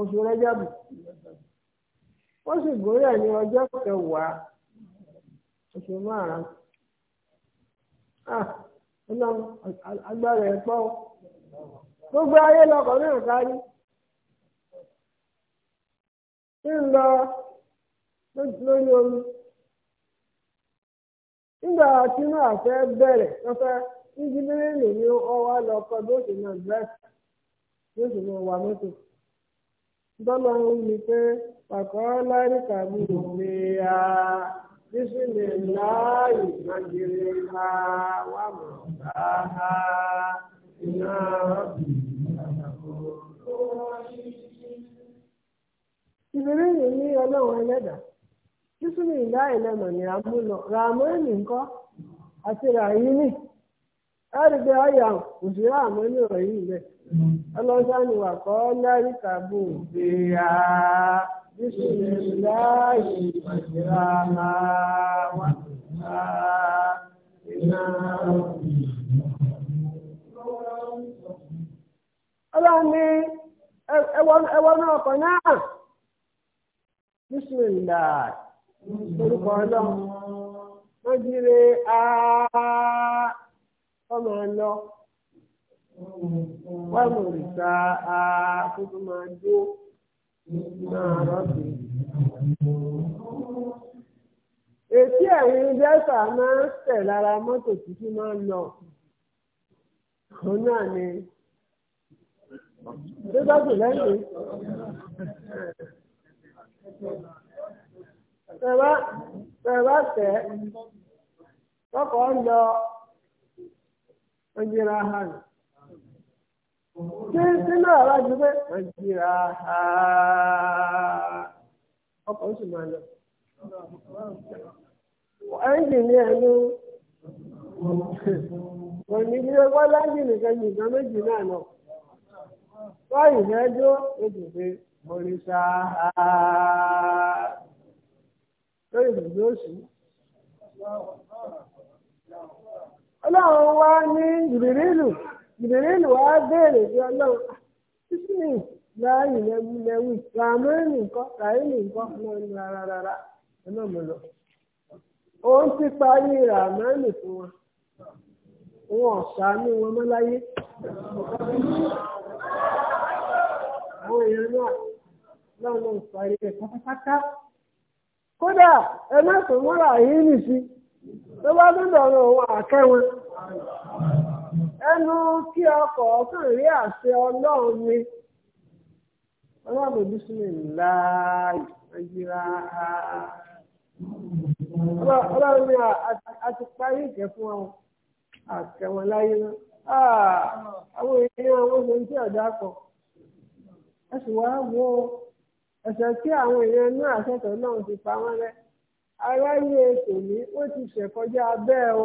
oṣù ó sì ní ọjọ́ kẹwàá. oṣù márùn-ún ah, ọlọ́run agbára ẹ̀ pọ̀ gbogbo ayé lọkọ̀ náà kárí ń lọ lórí omi nígbà tí náà fẹ́ bẹ̀rẹ̀ ni lọ kọ bí ó sì bí ó sì wà mọ́tò ya. bisimilayi magiri ha wa mọ̀tàhà iná yìí ní ọlọ́run ẹlẹ́dàá bisimilayi lẹ́mọ̀ ni a mú lọ ràmọ́ẹ̀nì ńkọ́ àti ràyínì ẹ̀rìgbẹ́ ọ̀yà ọ̀rọ̀ yìí lẹ̀ ọlọ́sàn-án ni wà kọ́ بسم الله na ومرساها ọlọ́run ní ẹwọ náà kan orúkọ ọlọ́run wọ́n ọmọ ọlọ́ wọ́n mọ̀ máa dúró. Ètí ẹ̀rin dẹ́sà máa ń tẹ̀ lára mọ́tò títí máa ń lọ. Òun náà ni Débàtò lẹ́yìn. ń lọ tí náà àrà ju wọ́n jíra ha ọkọ̀ oṣù máa lọ. ẹ́ńjìnì ẹnu kò ní bí wọ́n láńjìnì kan ju ìgbà méjì náà lọ. wọ́n ìfẹ́jọ́ oṣù pé mo lè ha lórí oṣù. ọlọ́run wá ní ìlú. jìbìrìlù wá béèrè sí ọlọ́run sísìnì ah, láàyè lẹ́wù ràmírì nìkan ràìlì nìkan lọ́nu rárá rárá ẹ̀nà mọ̀ lọ. òun ti parí ràmírì fún wọn wọn ò ṣàánú wọn mọ́ láyé. àwọn èèyàn náà náà ń parí pátápátá. kódà ẹ má sọ yìí nìsí tó bá dúdọ̀ òun àkẹ́wọn. ẹnu kí ọkọ̀ kàn rí àṣẹ ọlọ́run ni ọlọ́run bismillah ìfẹ́jìlá ọlọ́run ni a ti parí ìkẹ́ fún ọ àtẹ̀wọ̀n láyé náà àwọn èèyàn àwọn oṣù tí ọ̀dà kọ̀ ẹ sì wá wo ẹ̀sẹ̀ tí àwọn èèyàn náà àṣẹ̀tọ̀ náà ti pa wọ́n rẹ́ aráyé ètò wọ́n ti ṣẹ̀kọjá abẹ́ o.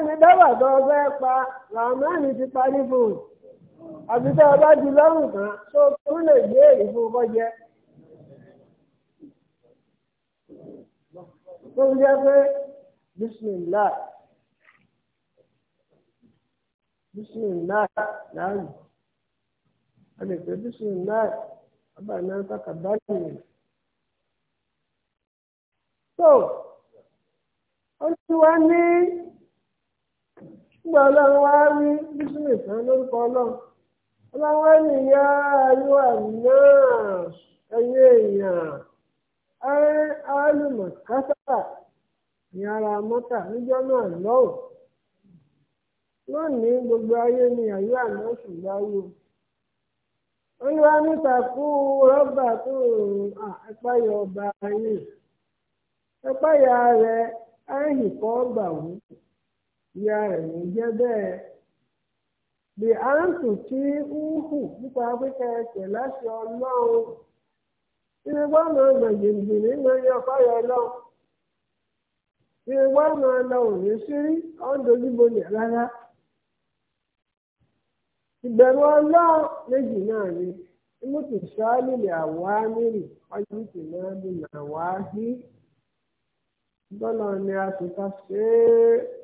ẹni dábàá tó o fẹ́ pa ramani ti parí fún un àbí tó o di lọ́rùn kan tó tún lè gbé èrè jẹ. tó ń jẹ́ pé láàyè a lè pè bismillah ọba náà kàkà báyìí nígbà ọlọ́run rí bísímì tán lórúkọ ọlọ́run ọlọ́run wá ní náà èèyàn alùmọ̀ ní ara mọ́tà níjọ́ náà lọ́wọ́ lónìí gbogbo ayé ni àyè àná ṣùgbọ́n ayé olúwa níta kú rọ́bà tó ẹ̀páyà ọba ayé ẹ̀páyà rẹ̀ ẹ̀hìn kan gbà wọ́n. ìyá rẹ̀ ní jẹ́ bẹ́ẹ̀ bí àǹtù tí ń hù nípa pípẹ́ ẹsẹ̀ láti ọlọ́run ìwé nínú ọlọ́run ìwé ní sírí ọ̀ńdojúbolẹ̀ rárá ìbẹ̀rù ọlọ́run méjì náà ni ọjọ́ ìtì náà ní màwáhí bọ́lá ni a ká ṣe é.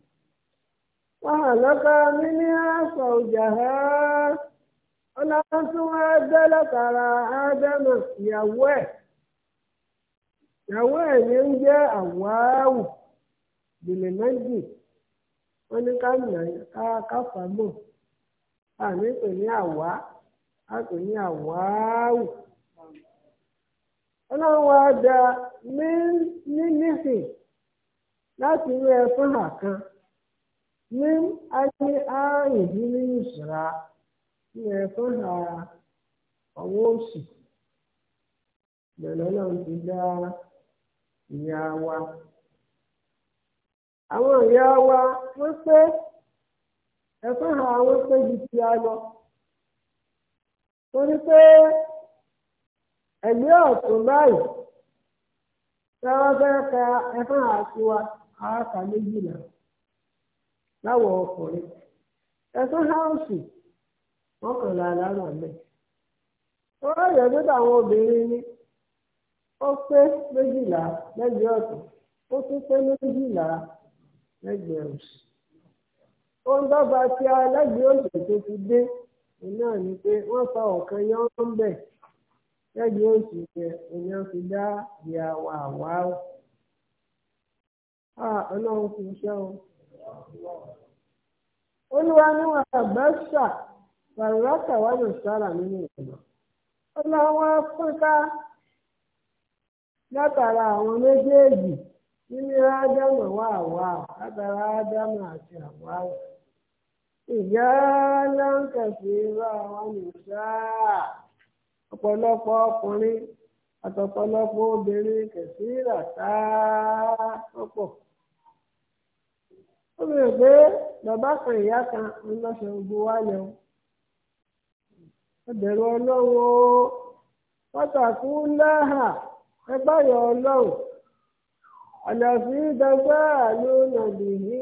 وهلك منها زوجها ọlọ́run tí wọ́n gbé látara ádámà ìyàwó ẹ̀ ìyàwó ẹ̀ ní wọ́n ní ká nà káfàmọ́ àmì pè ní àwá a pè ní àwáwù ọlọ́run wa dá ní nífì láti rí ẹ fún àkàn. Nye anyị anyị ahụ biri zraa, ilẹ̀ ha ọwọ́ òsì bẹ̀rẹ̀ wa. awa wọ́n ha wọ́n pé ju ti a lọ. Torí pé ẹ̀gbẹ́ ka ẹ̀kọ́ ha wa, láwọ ọkùnrin ẹ̀sán háùsì mọ́kànlá alára mẹ́. wọ́n yẹ pé táwọn obìnrin ní ó pé méjìlá lẹ́gbẹ̀ẹ́ ọ̀tún ó tún pé méjìlá ohun tí tó ti dé náà ni pé fa yọ yẹ ìyá fi dá ah, ọlọ́run olúwa ní wọn àbẹ́sà wàrúwàkà wáyé sára nínú ìgbà ó lọ wọn fúnká látara àwọn méjèèjì nínú ádámù wà wà látara ádámù àti àwáwà ìyá láǹkàṣe bá àwọn nìṣáà ọ̀pọ̀lọpọ̀ ọkùnrin àtọ̀pọ̀lọpọ̀ obìnrin kẹsìrà táà pọ̀pọ̀. ó bẹ̀rẹ̀ pé bàbá kan ìyá kan ń lọ́sẹ̀ gbogbo wa lẹ̀ o ẹbẹ̀rù ọlọ́wọ́ pàtàkì ńláhà ẹgbàyọ̀ ọlọ́wọ́ àlàfí dàgbà ló nàbì ní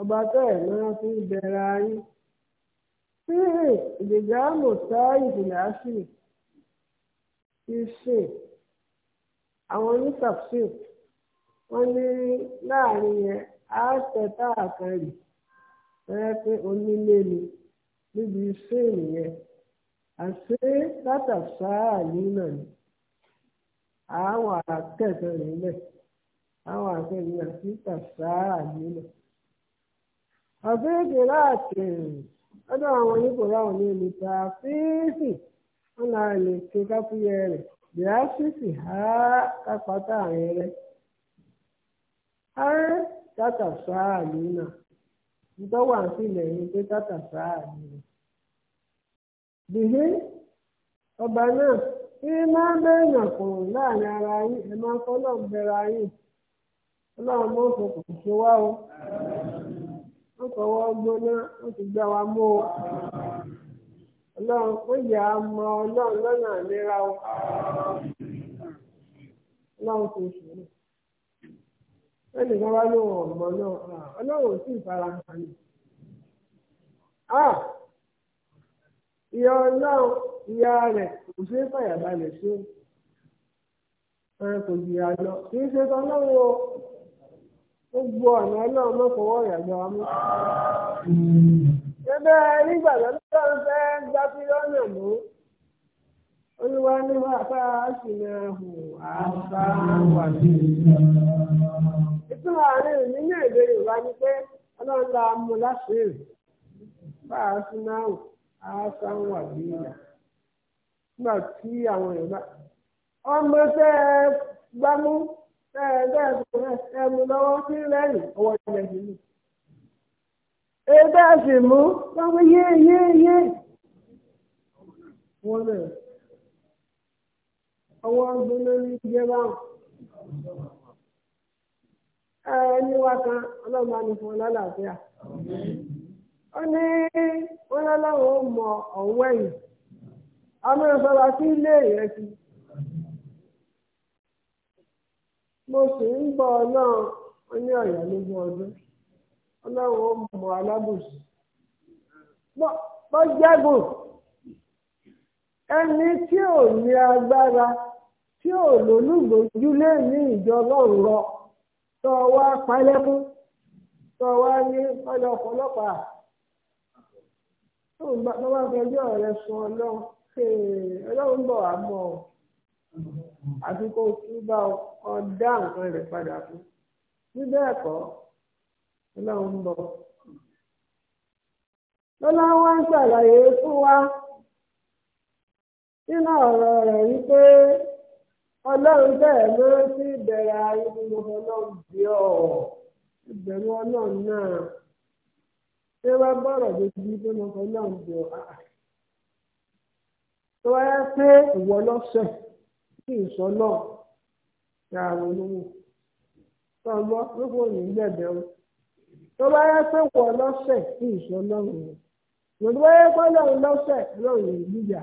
ọba tẹ́ ẹ̀ máa fi bẹ̀rẹ̀ ayé sí ìdìgbà mọ̀tá ìdìlà sí ti àwọn wọn ní láàrin áṣẹ̀tà àkàrì rẹ́ pé onilelu ni níbi iṣẹ́ ìyẹn àṣé látàṣáà nínà ni àwọn àkẹ́kọ̀ọ́ nílẹ̀ àwọn àkẹ́kọ̀ọ́ nílẹ̀ sí tàṣáà nínà. àfẹ́kẹ̀ lati ọdọ̀ àwọn oníkò láwọn ní taa ta fíìsì wọn náà lè ké kápúyẹ rẹ̀ bíásìsì á kápátá tàtà sáà n'Ina, Ntọwa wà ń sílẹ̀ pé tàtà sáà lónà. bìhí ọba náà kí máa bẹ̀rẹ̀ láàrin ara yín ẹ máa fọlọ́ bẹ̀rẹ̀ yín ọlọ́run ló fòkùn ṣe wá o wọ́n fọwọ́ gbóná ẹnì kan wá lóun ọmọ náà ọlọ́run sì fara hàn ní. ìyá ọlọ́run ìyá rẹ̀ kò ṣeé fàyàbalẹ̀ ṣe kò jìyà lọ kì í ṣe tọ́lọ́run o gbogbo ọ̀nà ọlọ́run mú. nígbà fẹ́ gbá mú. Olúwa ní wàá ìtumọ̀ àárín ìlú ní èdè Yorùbá ni pé ọlọ́run la mú láṣìírí bá a sún náà àásá ń wà bí ìyá nígbà tí àwọn Yorùbá ọmọ tẹ ẹ gbámú tẹ ẹ tẹ ẹ mú lọ́wọ́ sí lẹ́yìn ọwọ́ ilẹ̀ ìlú ẹgbẹ́ sì mú lọ́wọ́ yé yé yé wọ́n lẹ̀ ọwọ́ gbóná ní ìjẹba. ẹni wá kan ọlọ́run àlùfọ́ lálàáfíà ó ní wọn lọ́lọ́run ó mọ ọ̀wọ́ ẹ̀yìn àmọ́ ìfọwọ́ sí ilé mo sì ń bọ náà ó ní ọ̀yà lógún ọdún ọlọ́run ó mọ alábòsí bọ́ jẹ́gùn ẹni tí ò ní agbára tí ò lólùgbòjúlé ní ìjọ ọlọ́run tọ́ wá palẹ́kún tọ́ wá ní ọlọ́ ọ̀pọ̀lọpàá tó ń bá wọn fẹjọ́ rẹ sùn ọlọ́run ọlọ́run bọ̀ wá mọ́ ọ àti kó tún bá ọ dá nǹkan rẹ̀ padà fún níbẹ̀ wa ọlọ́run bẹ́ẹ̀ máa sí ìbẹ̀rẹ̀ ayé tí ọlọ́run bí ọ̀ ìbẹ̀rù ọlọ́run náà bọ̀rọ̀ ọlọ́run bí tó wáyé lọ́sẹ̀ kí ìsọ náà ya àwọn olówó tó ń lóko òní tó wáyé pé ìwọ lọ́sẹ̀ kí ìsọ náà wáyé lọ́sẹ̀ ọlọ́run gbìyà.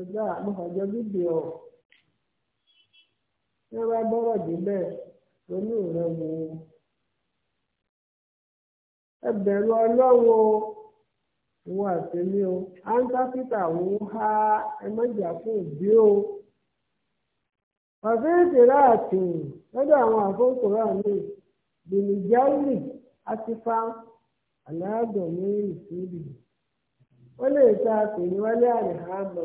ìgbà a bíbí ọ̀ bá bọ́rọ̀ débẹ̀ lónìí rẹ̀ wò ó ẹ bẹ̀rù ọlọ́wọ́ òun àtẹ̀mí o antakita òun ha ẹ fún òbí o pàfẹ́ẹ̀tì ráàtì lọ́dọ̀ àwọn àfọ́kùnrin àmì àtifá ó ta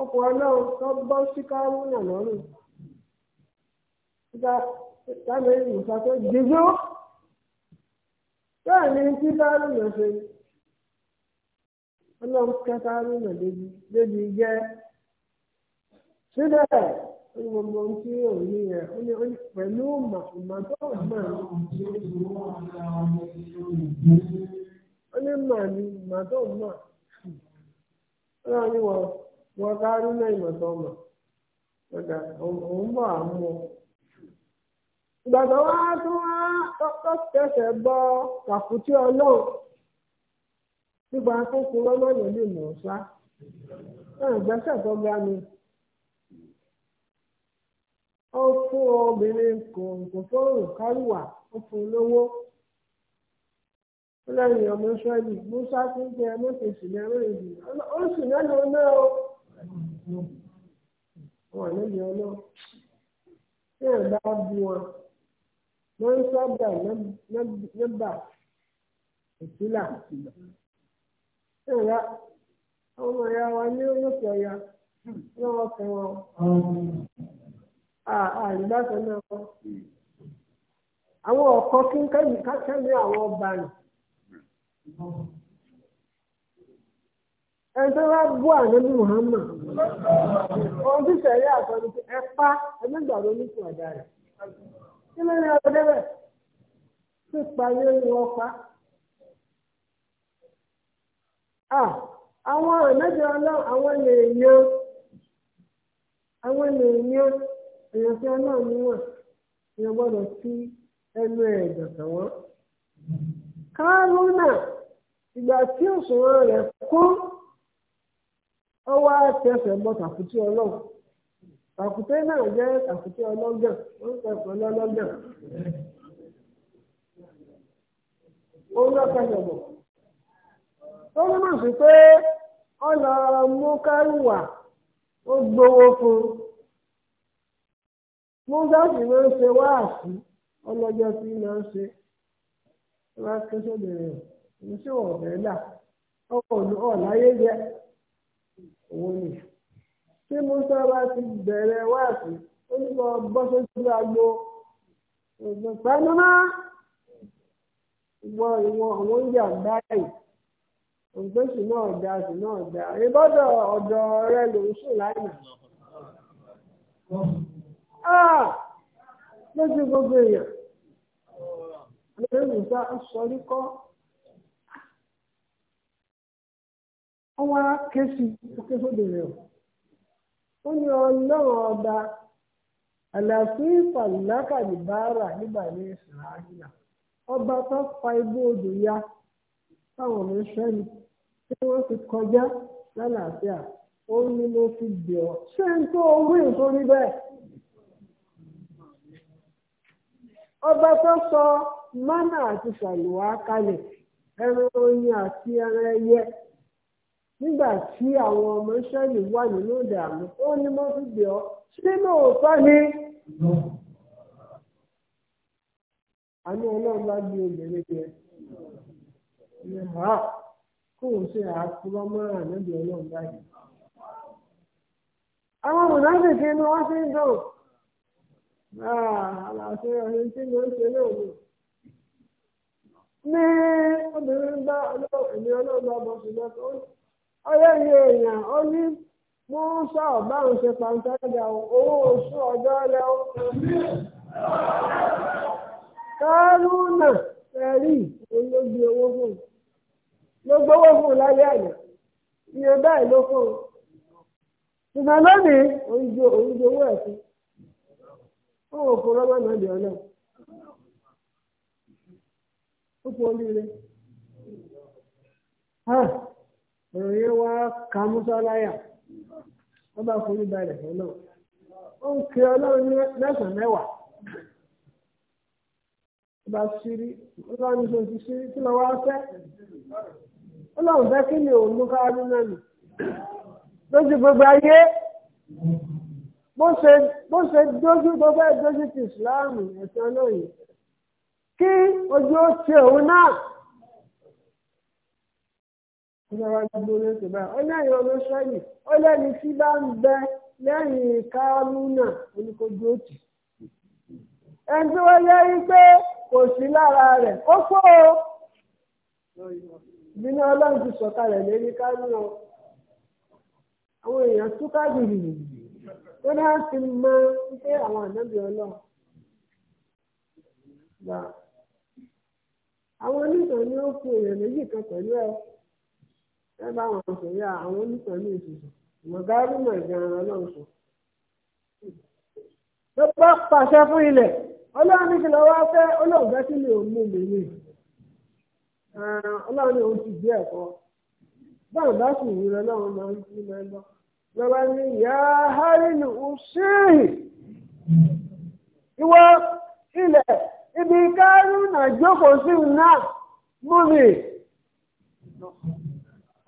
ọkọ̀ ọlọ́run tó bọ́ sí kárúnà lọ́rùn táwọn èèyàn ìfà tó jíjó bẹ́ẹ̀ ni tí kárúnà ṣe ọlọ́run kẹ́ kárúnà débi jẹ́ síbẹ̀ ní gbogbo ohun tí òun ní yẹn ó ní pẹ̀lú màmá tó mọ̀ ó ní màmá tó mọ̀ ó ní wọ́n. wọ́n kárí náà ìmọ̀tọ́mọ̀ ọ̀dà òun bọ̀ à ń mọ̀. ìgbà wá tó wá tó tẹsẹ̀ bọ́ kàfútí ọlọ́run lè mọ̀ tó mi. ó fún obìnrin kòǹkò fóònù musa mọ́tò ó sì náà wọn àlejò ọlọ́run tí ẹ̀ bá bu wọn wọ́n ń sábà nọ́mbà ìtúlà ìgbà ọmọ ìyá wa ní olókè ọ̀yà lọ́wọ́ fẹ́ wọn àìgbàsẹ̀ náà wọ́n àwọn ọ̀kọ́ kí ń kẹ́yìn ká kẹ́yìn àwọn ọba nì. ẹjọ́ wá bú ànábì Muhammad ohun tí sẹ̀rí àtọ́ni pé ẹ pa ẹgbẹ́gbàdo ní ìwàdà rẹ̀ kí ló ní ọdẹ bẹ́ẹ̀ tí parí ó wọ́n pa. àwọn ànájọ ọlọ́run àwọn àwọn èèyàn tí níwọ̀n èèyàn gbọ́dọ̀ sí ẹnu Ọ waa tẹsẹ̀ bọ tàkùtì ọlọ́run tàkùtì náà jẹ́ tàkùtì ọlọ́gàn ó ń tẹ̀kọ́ lọ́lọ́gàn ó ń lọ́kẹ̀sẹ̀ ó ń mọ̀ sí pé ó mú kárùwà ó gbowó fún múgá sì ń ṣe wáàsí ọlọ́jọ́ tí ṣe òun ni tí musa ti bẹ̀rẹ̀ wáàsí ó ní kọ́ bọ́ sójú agbo ògùn ìwọ ìwọ àwọn oúnjẹ àgbá yìí òǹgbẹ́sì náà da sì náà da ìbọ́dọ̀ ọ̀dọ̀ rẹ ló ń sùn lánàá. Ah! lójú gbogbo èèyàn lórí ó wá ké sí ké sóbìnrin o ó ní ọba nígbà ọba tó fa igbó odò ya táwọn ọmọ tí wọ́n fi kọjá lálàáfíà ó ní mo ṣé n tó owó ọba tó sọ mánà àti ṣàlùwà kalẹ̀ ẹran oyin àti ẹran ẹyẹ. nígbà tí àwọn ọmọ Ísírẹ́lì wà nínú ìdààmú ó ní fi bẹ̀ ọ́ ṣé lóòótọ́ ni. àní ọlọ́run obìnrin jẹ ha kó o ṣe àkúrọ́ mọ́ra níbi àwọn kí ti ń dùn ah, àlàáfíà ọ̀hún tí mo ń ṣe lóòótọ́ ní obìnrin bá ọlọ́run èèyàn ó ní mọ́ńsà ọ̀báhùn ṣe pàǹtàjà owó oṣù ọjọ́ lẹ́wọ́. kárúnà ẹ̀rí olóògbé owó fún ló gbowó fún lálẹ́ àná báyìí ló fún un. ṣùgbọ́n lónìí oúnjẹ oúnjẹ owó ẹ̀ fún un ó rọ́bà ọ̀rọ̀ yẹn wá ka musa láyà wọ́n bá forí balẹ̀ fún náà ó ń kí ọlọ́run ní mẹ́sàn-án mẹ́wàá wọ́n bá sírí wọ́n bá ní sọ́ọ́ ti kí lọ́wọ́ á fẹ́ ni òun mú ká ní gbogbo ayé bó ṣe dójú tó fẹ́ dójú ti ìsìláàmù ẹ̀sán náà yìí kí ojú ó ṣe ní wọ́n ti gbóná bá ọ lẹ́yìn olóṣèlú ó lẹ́ni tí bá ń bẹ lẹ́yìn kárúnà oníkojú òtù ẹni tí wọ́n yẹ rí pé kò sí lára rẹ̀ ọlọ́run ti sọ̀kalẹ̀ àwọn èèyàn tó ẹ bá wọn yá àwọn onífẹ̀mí n'etiti mọ̀gárí mọ̀ ìgbẹ̀rún sọ. ló bá pàṣẹ fún ilẹ̀ ọlọ́run ní kí lọ wá fẹ́ olóògbé kí lè mú mi ní. ọlọ́run ní òun ti gbé ẹ̀kọ́ báwọn bá sì yí máa ń máa ń lọ. lọ́wọ́ ní ìyá ìwọ ilẹ̀ ibi kárùn-ún náà mú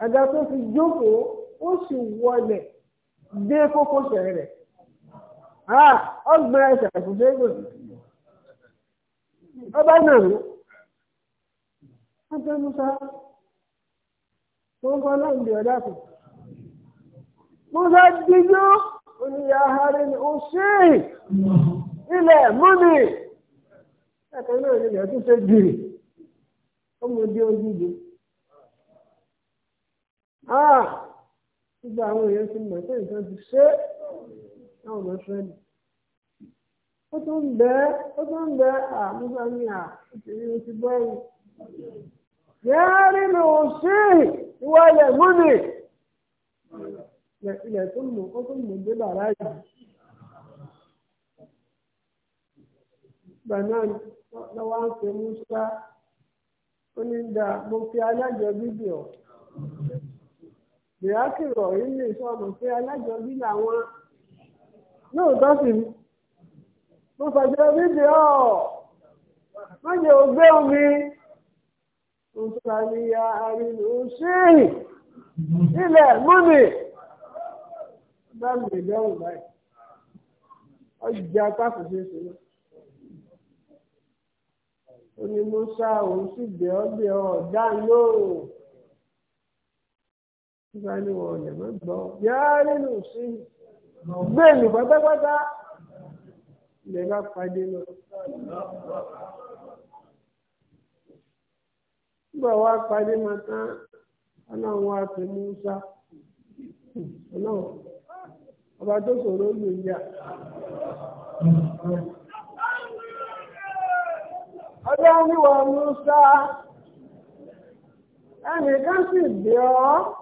àga tó fi jókòó ó sì wọlé dé kókósẹ̀ rẹ̀ ọgbẹ́ ẹsẹ̀ fún fẹ́gùn ọba náà ló wọ́n fẹ́ musa tó ń kọ́ láì lè ọ̀dà kù musa díjú oníyà ahari ni ó ṣe ilẹ̀ múni ẹ̀ka náà ni ìyàtúnṣe gírì ó ojú ìdí. Ah! gbogbo àwọn èèyàn ti mọ̀ pé nǹkan ti ṣe àwọn ọmọ fẹ́ ni ó tún ń bẹ́ ó tún ń bẹ́ àmúgbà ah! ní à ah! ìṣèlú ó ti bọ́ ẹ̀yìn. yẹ́rì ló sí ìwà ilẹ̀ múni ilẹ̀ tó mọ̀ ó tún mọ̀ dé bàrá yìí. bàná lọ́wọ́ ń pè mú sá ó ní dá mo fi alájọ bíbí ọ̀. mìrákìrọ̀ ilé sọ̀rọ̀ pé alájọbí làwọn lóòótọ́ sì ni mo fàjọ bíbí ọ̀ wọ́n jẹ́ ògbé omi òǹtàníyà àrìnà òṣèlú ilẹ̀ múni bá mi báyìí ọjà ṣe ṣe lọ ó ní mo nígbà ní wọn ọ̀yàn máa a yáá nínú sí gbẹ̀lú pátápátá lè bá pàdé lọ. nígbà wá pàdé máa tán ọlọ́run wá fi ọba tó ọjọ́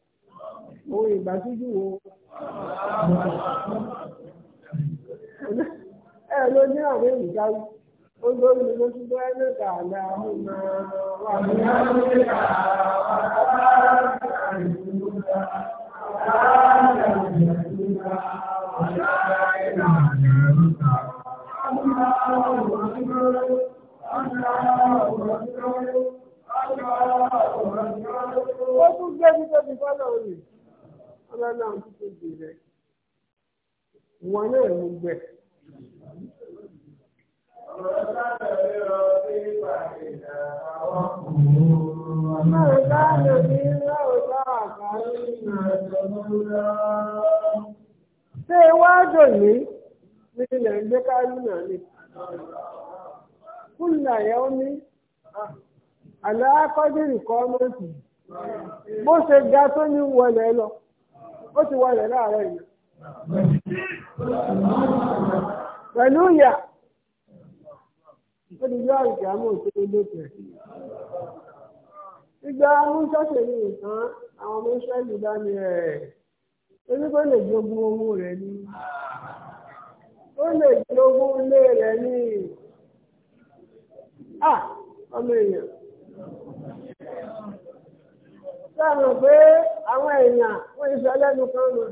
owó ìgbà síjú wo ẹ ló ní àwọn ìjáwé olórí ló tún bọ́ ẹ́ lẹ́ta àlẹ́ àwọn ọmọ wa ní àwọn ìjà wà láàárín ìjọba láàárín ìjọba wà láàárín ìjọba. Ó tún gbé ní tóbi fọ́lọ́ òní ọlọ́run tó tóbi rẹ̀ wọn náà mú gbẹ. Máa bá lò ní lọ́ọ̀dọ́ àkárí ìrìnàjò Ṣé iwájú yìí ní ilẹ̀ ń gbé kárí náà ni? Kúlà yẹ ó ní àlọ́ akọ́jú ìkọ́ mọ́sí. Bó ṣe ga tó ní wọlé lọ ó ti wọlé láàárọ̀ yìí. Pẹ̀lú ìyà, ó di yọ àrùkẹ́ àmọ́ òṣèré lókè. Ìgbà amúṣọ́ṣe ní ìtàn àwọn ọmọ Ísírẹ́lì bá ní ẹ̀ torí kó lè jogún owó rẹ̀ ní. Ó lè jogún ilé rẹ̀ ní. À, ah, ọmọ èèyàn. sọ̀rọ̀ pé àwọn èèyàn fún iṣẹ́ lẹ́nu kan mọ̀.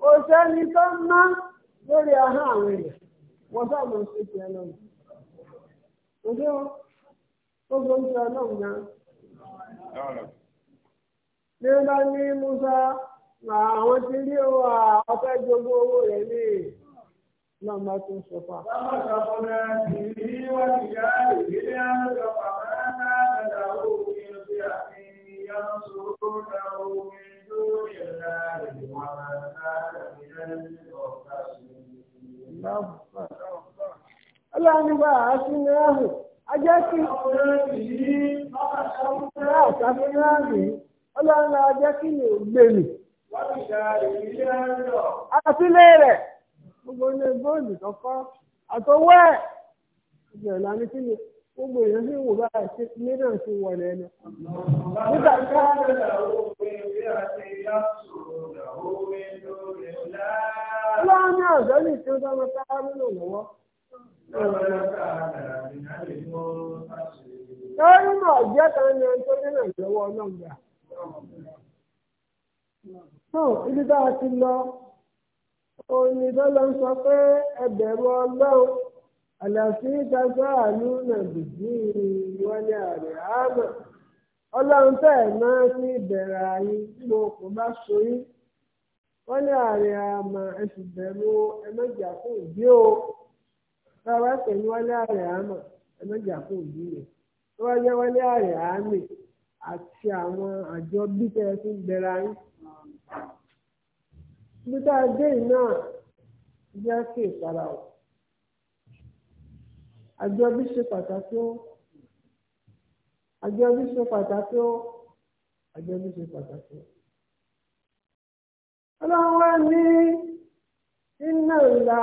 Kò sẹ́ni tó má lórí ahọ́n àwọn èèyàn, wọ́n sábà ń ti ẹ lọ́wọ́. ó gbọ́ ń ṣe ọlọ́run náà. Ní bá ní Musa. àwọn ti rí o ọ̀fẹ́ gbogbo owó rẹ̀ ní náà máa tún sọ fà. báwo sọ fún mi ìdí wọn ìdílé àwọn ọ̀pá máa ń bá òkè ọ̀sẹ̀ àti sọ̀rọ̀ tó yẹ ọlọ́run àtìlé rẹ̀ gbogbo ilé góòlù tó kọ́ àtọwọ́ ẹ̀ ìbẹ̀rẹ̀ lánàá kí ni gbogbo èèyàn sì wò báyìí sí ilé náà sì wọlé ẹni. nígbà tí wọ́n ń bẹ̀rẹ̀ ọlọ́run ní ọ̀dọ́ ní tí ó bá wọn sáá nínú lọ́wọ́. lórí náà jẹ́ kan ní ẹni tó ní nàìjíríà ọlọ́run tó ibi tá ti lọ onídọ́ ló ń sọ pé ẹbẹ̀rù ọlọ́run àlàfí ìtajà àánú nàìjíríì ìwọlé àrẹ àmọ́ ọlọ́run tẹ̀ máa fi bẹ̀rẹ̀ ààyè mo kò bá so yín wọ́n ní àmọ́ ẹ sì bẹ̀rù fún ìdí o báwa ní àmọ́ fún ìdí bí tá a dé yìí náà yá kí ìsara o àjọ bí ṣe pàtàkì ó àjọ bí ṣe pàtàkì ó àjọ bí ṣe pàtàkì ó. ọlọ́run ní iná ńlá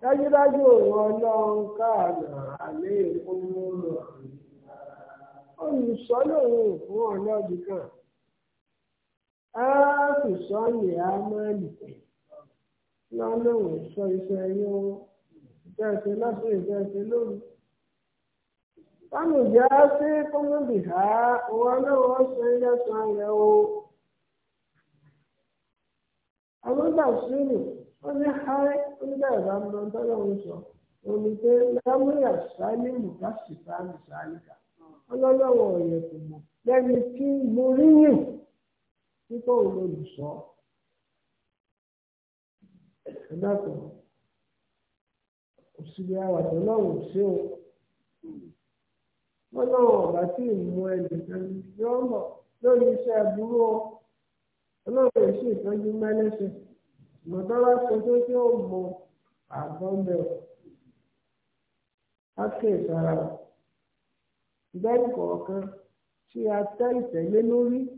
dájúdájú òun ọlọ́run káàdà àlẹ́ ìkúnmọ́ lọ olùsọ́lọ́run fún ọlọ́ọ̀dì kan. áàfìsọ ni a máa sọ ise yín o ìjẹ́sẹ̀ lọ́sọ̀ ìjẹ́sẹ̀ lóru. Táwọn ìjà sí kọ́mọ́bì ha òun ọlọ́wọ́ sọ ẹlẹ́sàn o. Àwọn ìgbà ha wọ́n ní hárẹ́ nígbà ìbá mọ́ tọ́lọ́run sọ omi pé lámúyà sálímù bá sì bá mi nípa sọ, olùsọ ẹgbẹ́kọ̀ òsìlè àwàdàn náà ò sí o wọn náà ọ̀gá tí ì mú ẹnìkan yọ mọ̀ lórí iṣẹ́ burú o ọlọ́run èsì ìtọ́jú mẹ́lẹ́sẹ̀ mọ̀tọ́lá sọ pé kí ó mọ àgbọ̀n bẹ̀rù á kè sára a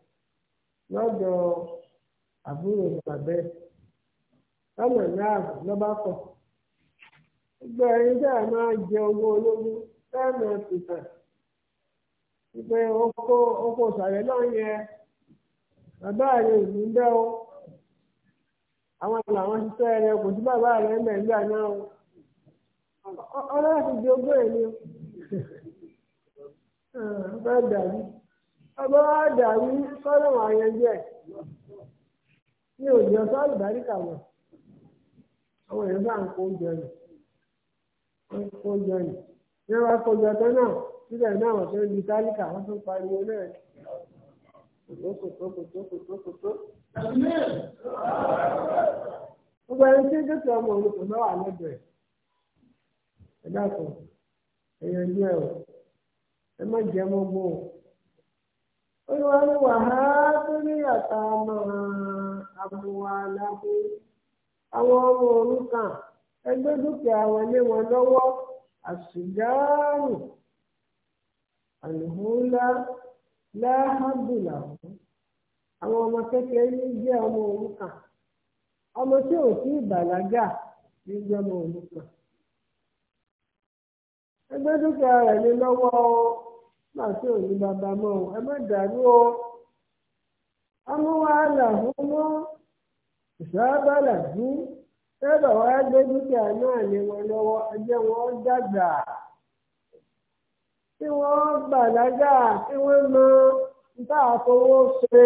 lọ́dọ̀ àbúrò bàbẹ́ lọ́nà náà lọ́ba kọ̀ gbogbo ẹni tí a máa jẹ owó ológun táàmù ẹ̀pìtà wípé oko oko sàrẹ̀ náà yẹ bàbá rẹ̀ ìlú ń o àwọn kò sí bàbá náà o ọlọ́run ti di ogún ọba dàrú sọ́lọ́wọ́ àyànjú ẹ̀ ní òjò sọ́ọ̀lù bàríkà wọ̀ àwọn èèyàn bá ń kó oúnjẹ nù wọ́n kó oúnjẹ nù ní wọ́n kó oúnjẹ tán náà síbẹ̀ náà wọ́n di tálíkà wọ́n pariwo náà kòtókòtókòtókòtókòtó. gbogbo ẹni tí ọmọ òun kò lọ́dọ̀ ẹ̀ ẹ̀ ẹ má jẹ́ gbọ́ olúwa ha wàhálà tó ní àtàmà àmúwàlábí àwọn ọmọ òrukàn ẹgbẹ́ dúkìá wọn lé wọn lọ́wọ́ àṣìgáàrù àlùhùnlá láhàbùlà àwọn ọmọ ọmọ òrukàn ọmọ tí nígbà si ò ní bàbá mọ́ ọ ẹ má dàrú o amúwàhálà fún mọ́ ìsáábàlà fún ẹbà wa gbé dúkìá náà lé wọn lọ́wọ́ ẹjẹ́ wọn dàgbà kí wọ́n gbàlágà kí wọ́n mọ àfọwọ́ ṣe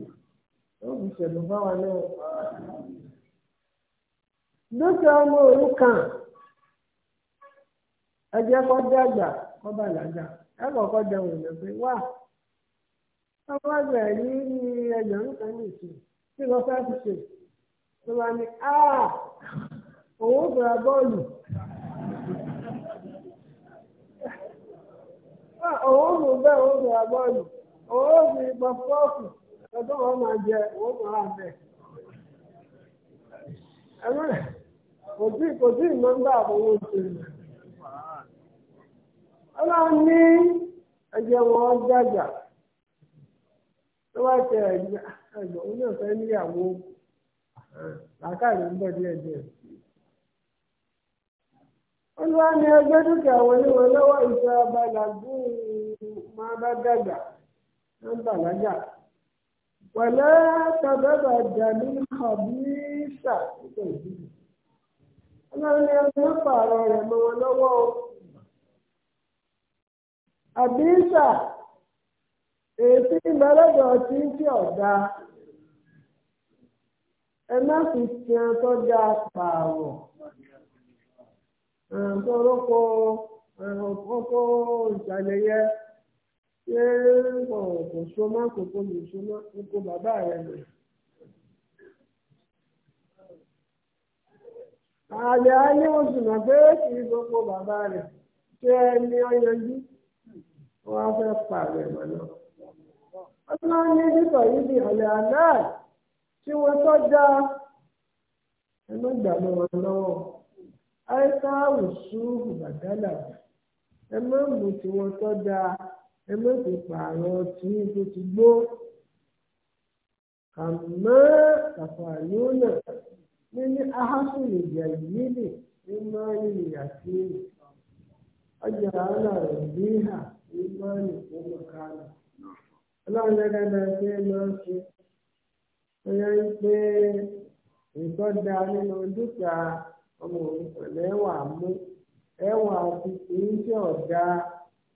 obi ṣẹlẹ̀ bá wa n'ụwa. dúkìá ọmọ òru kan ẹ jẹ́ kó dàgbà kó bàlágà ẹ kọ́kọ́ dẹ̀wọ̀n lọ pé wà ọba àgbà ní ẹgbẹ̀rún kan tí lọ fẹ́ fi ṣe bá ní òun [laughs] bọ́ọ̀lù òun ẹgbẹ́ wọn máa jẹ owó kan rà bẹ́ẹ̀. ẹgbẹ́ kò sí kò sí ìmọ̀ǹgbà àbọ̀wọ́ òṣèlú. ọlọ́run ní ẹ̀jẹ̀ wọn dàgbà tó bá tẹ ẹ̀gbọ́n onífẹ́ níyàwó ń bọ̀ Olúwa ni ẹgbẹ́ dúkìá wọn ní wọn lọ́wọ́ máa wàlẹ́ tàbẹ́bà dàní kàbíyèsà nípa ìdílé ọlọ́run ni ẹni ń pààrọ̀ rẹ̀ mọ́ wọn lọ́wọ́ o àbíyèsà èsì ìgbàlódé ọtí tí ọ̀dà ẹ ṣé kò so mọ́ kò tó lè so mọ́ kókó bàbá rẹ̀ lẹ̀. ààrẹ ayé oṣù náà pé kì í gbogbo bàbá rẹ̀ ṣé ẹni ọyanjú wọn á fẹ́ pààrọ̀ ẹ̀mọ́ náà. ọlọ́run ní bíbọ̀ yìí di ọ̀lẹ́ àná tí wọ́n tọ́ já ẹnu gbàgbọ́ wọn lọ́wọ́ àìsàn àwùsù bàdálà ẹ má mú tiwọn tọ́ dáa. ẹ má fi pààrọ̀ tí tó ti gbó àmọ́ àfààní ọ̀nà níní ahásùn ìjà yìí nì ní máa ń ọjà rẹ̀ bí hà ní máa ń kó mọ̀kánà. ọlọ́run gẹ́gẹ́ bá ṣe máa ń ṣe bóyá ń pé ìtọ́jà nínú dúkìá ọmọ òun pẹ̀lú ẹwà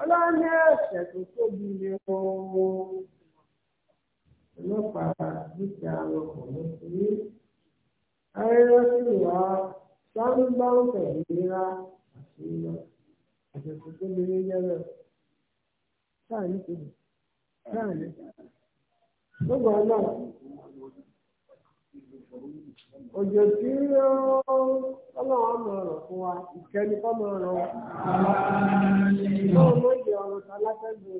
Ọlọ́run ẹ̀ṣẹ̀ tó tóbi lè fọwọ́ ọlọ́pàá dúkìá ọkọ̀ lọ́sọ̀rọ̀. Ayẹyẹ sáré bá ń tẹ̀lé rírá àti iná. Ẹ̀ṣẹ̀ tó tóbi lè yẹ̀rẹ̀. Sáà Sáà Òjò tí ọlọ́wọ́ mọ̀ ọ̀rọ̀ fún wa, ìkẹ́ni kọ́ mọ̀ ọ̀rọ̀ wa. Lọ́wọ́ mọ̀ ìdí ọ̀rọ̀ ta látẹ́gbẹ̀.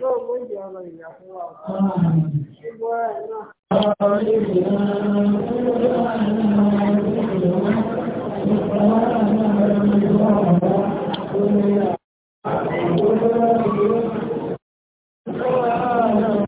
Lọ́wọ́ mọ̀ ọ̀rọ̀ ìyà fún wa. Ṣígbọ́ ẹ̀ náà. Thank you.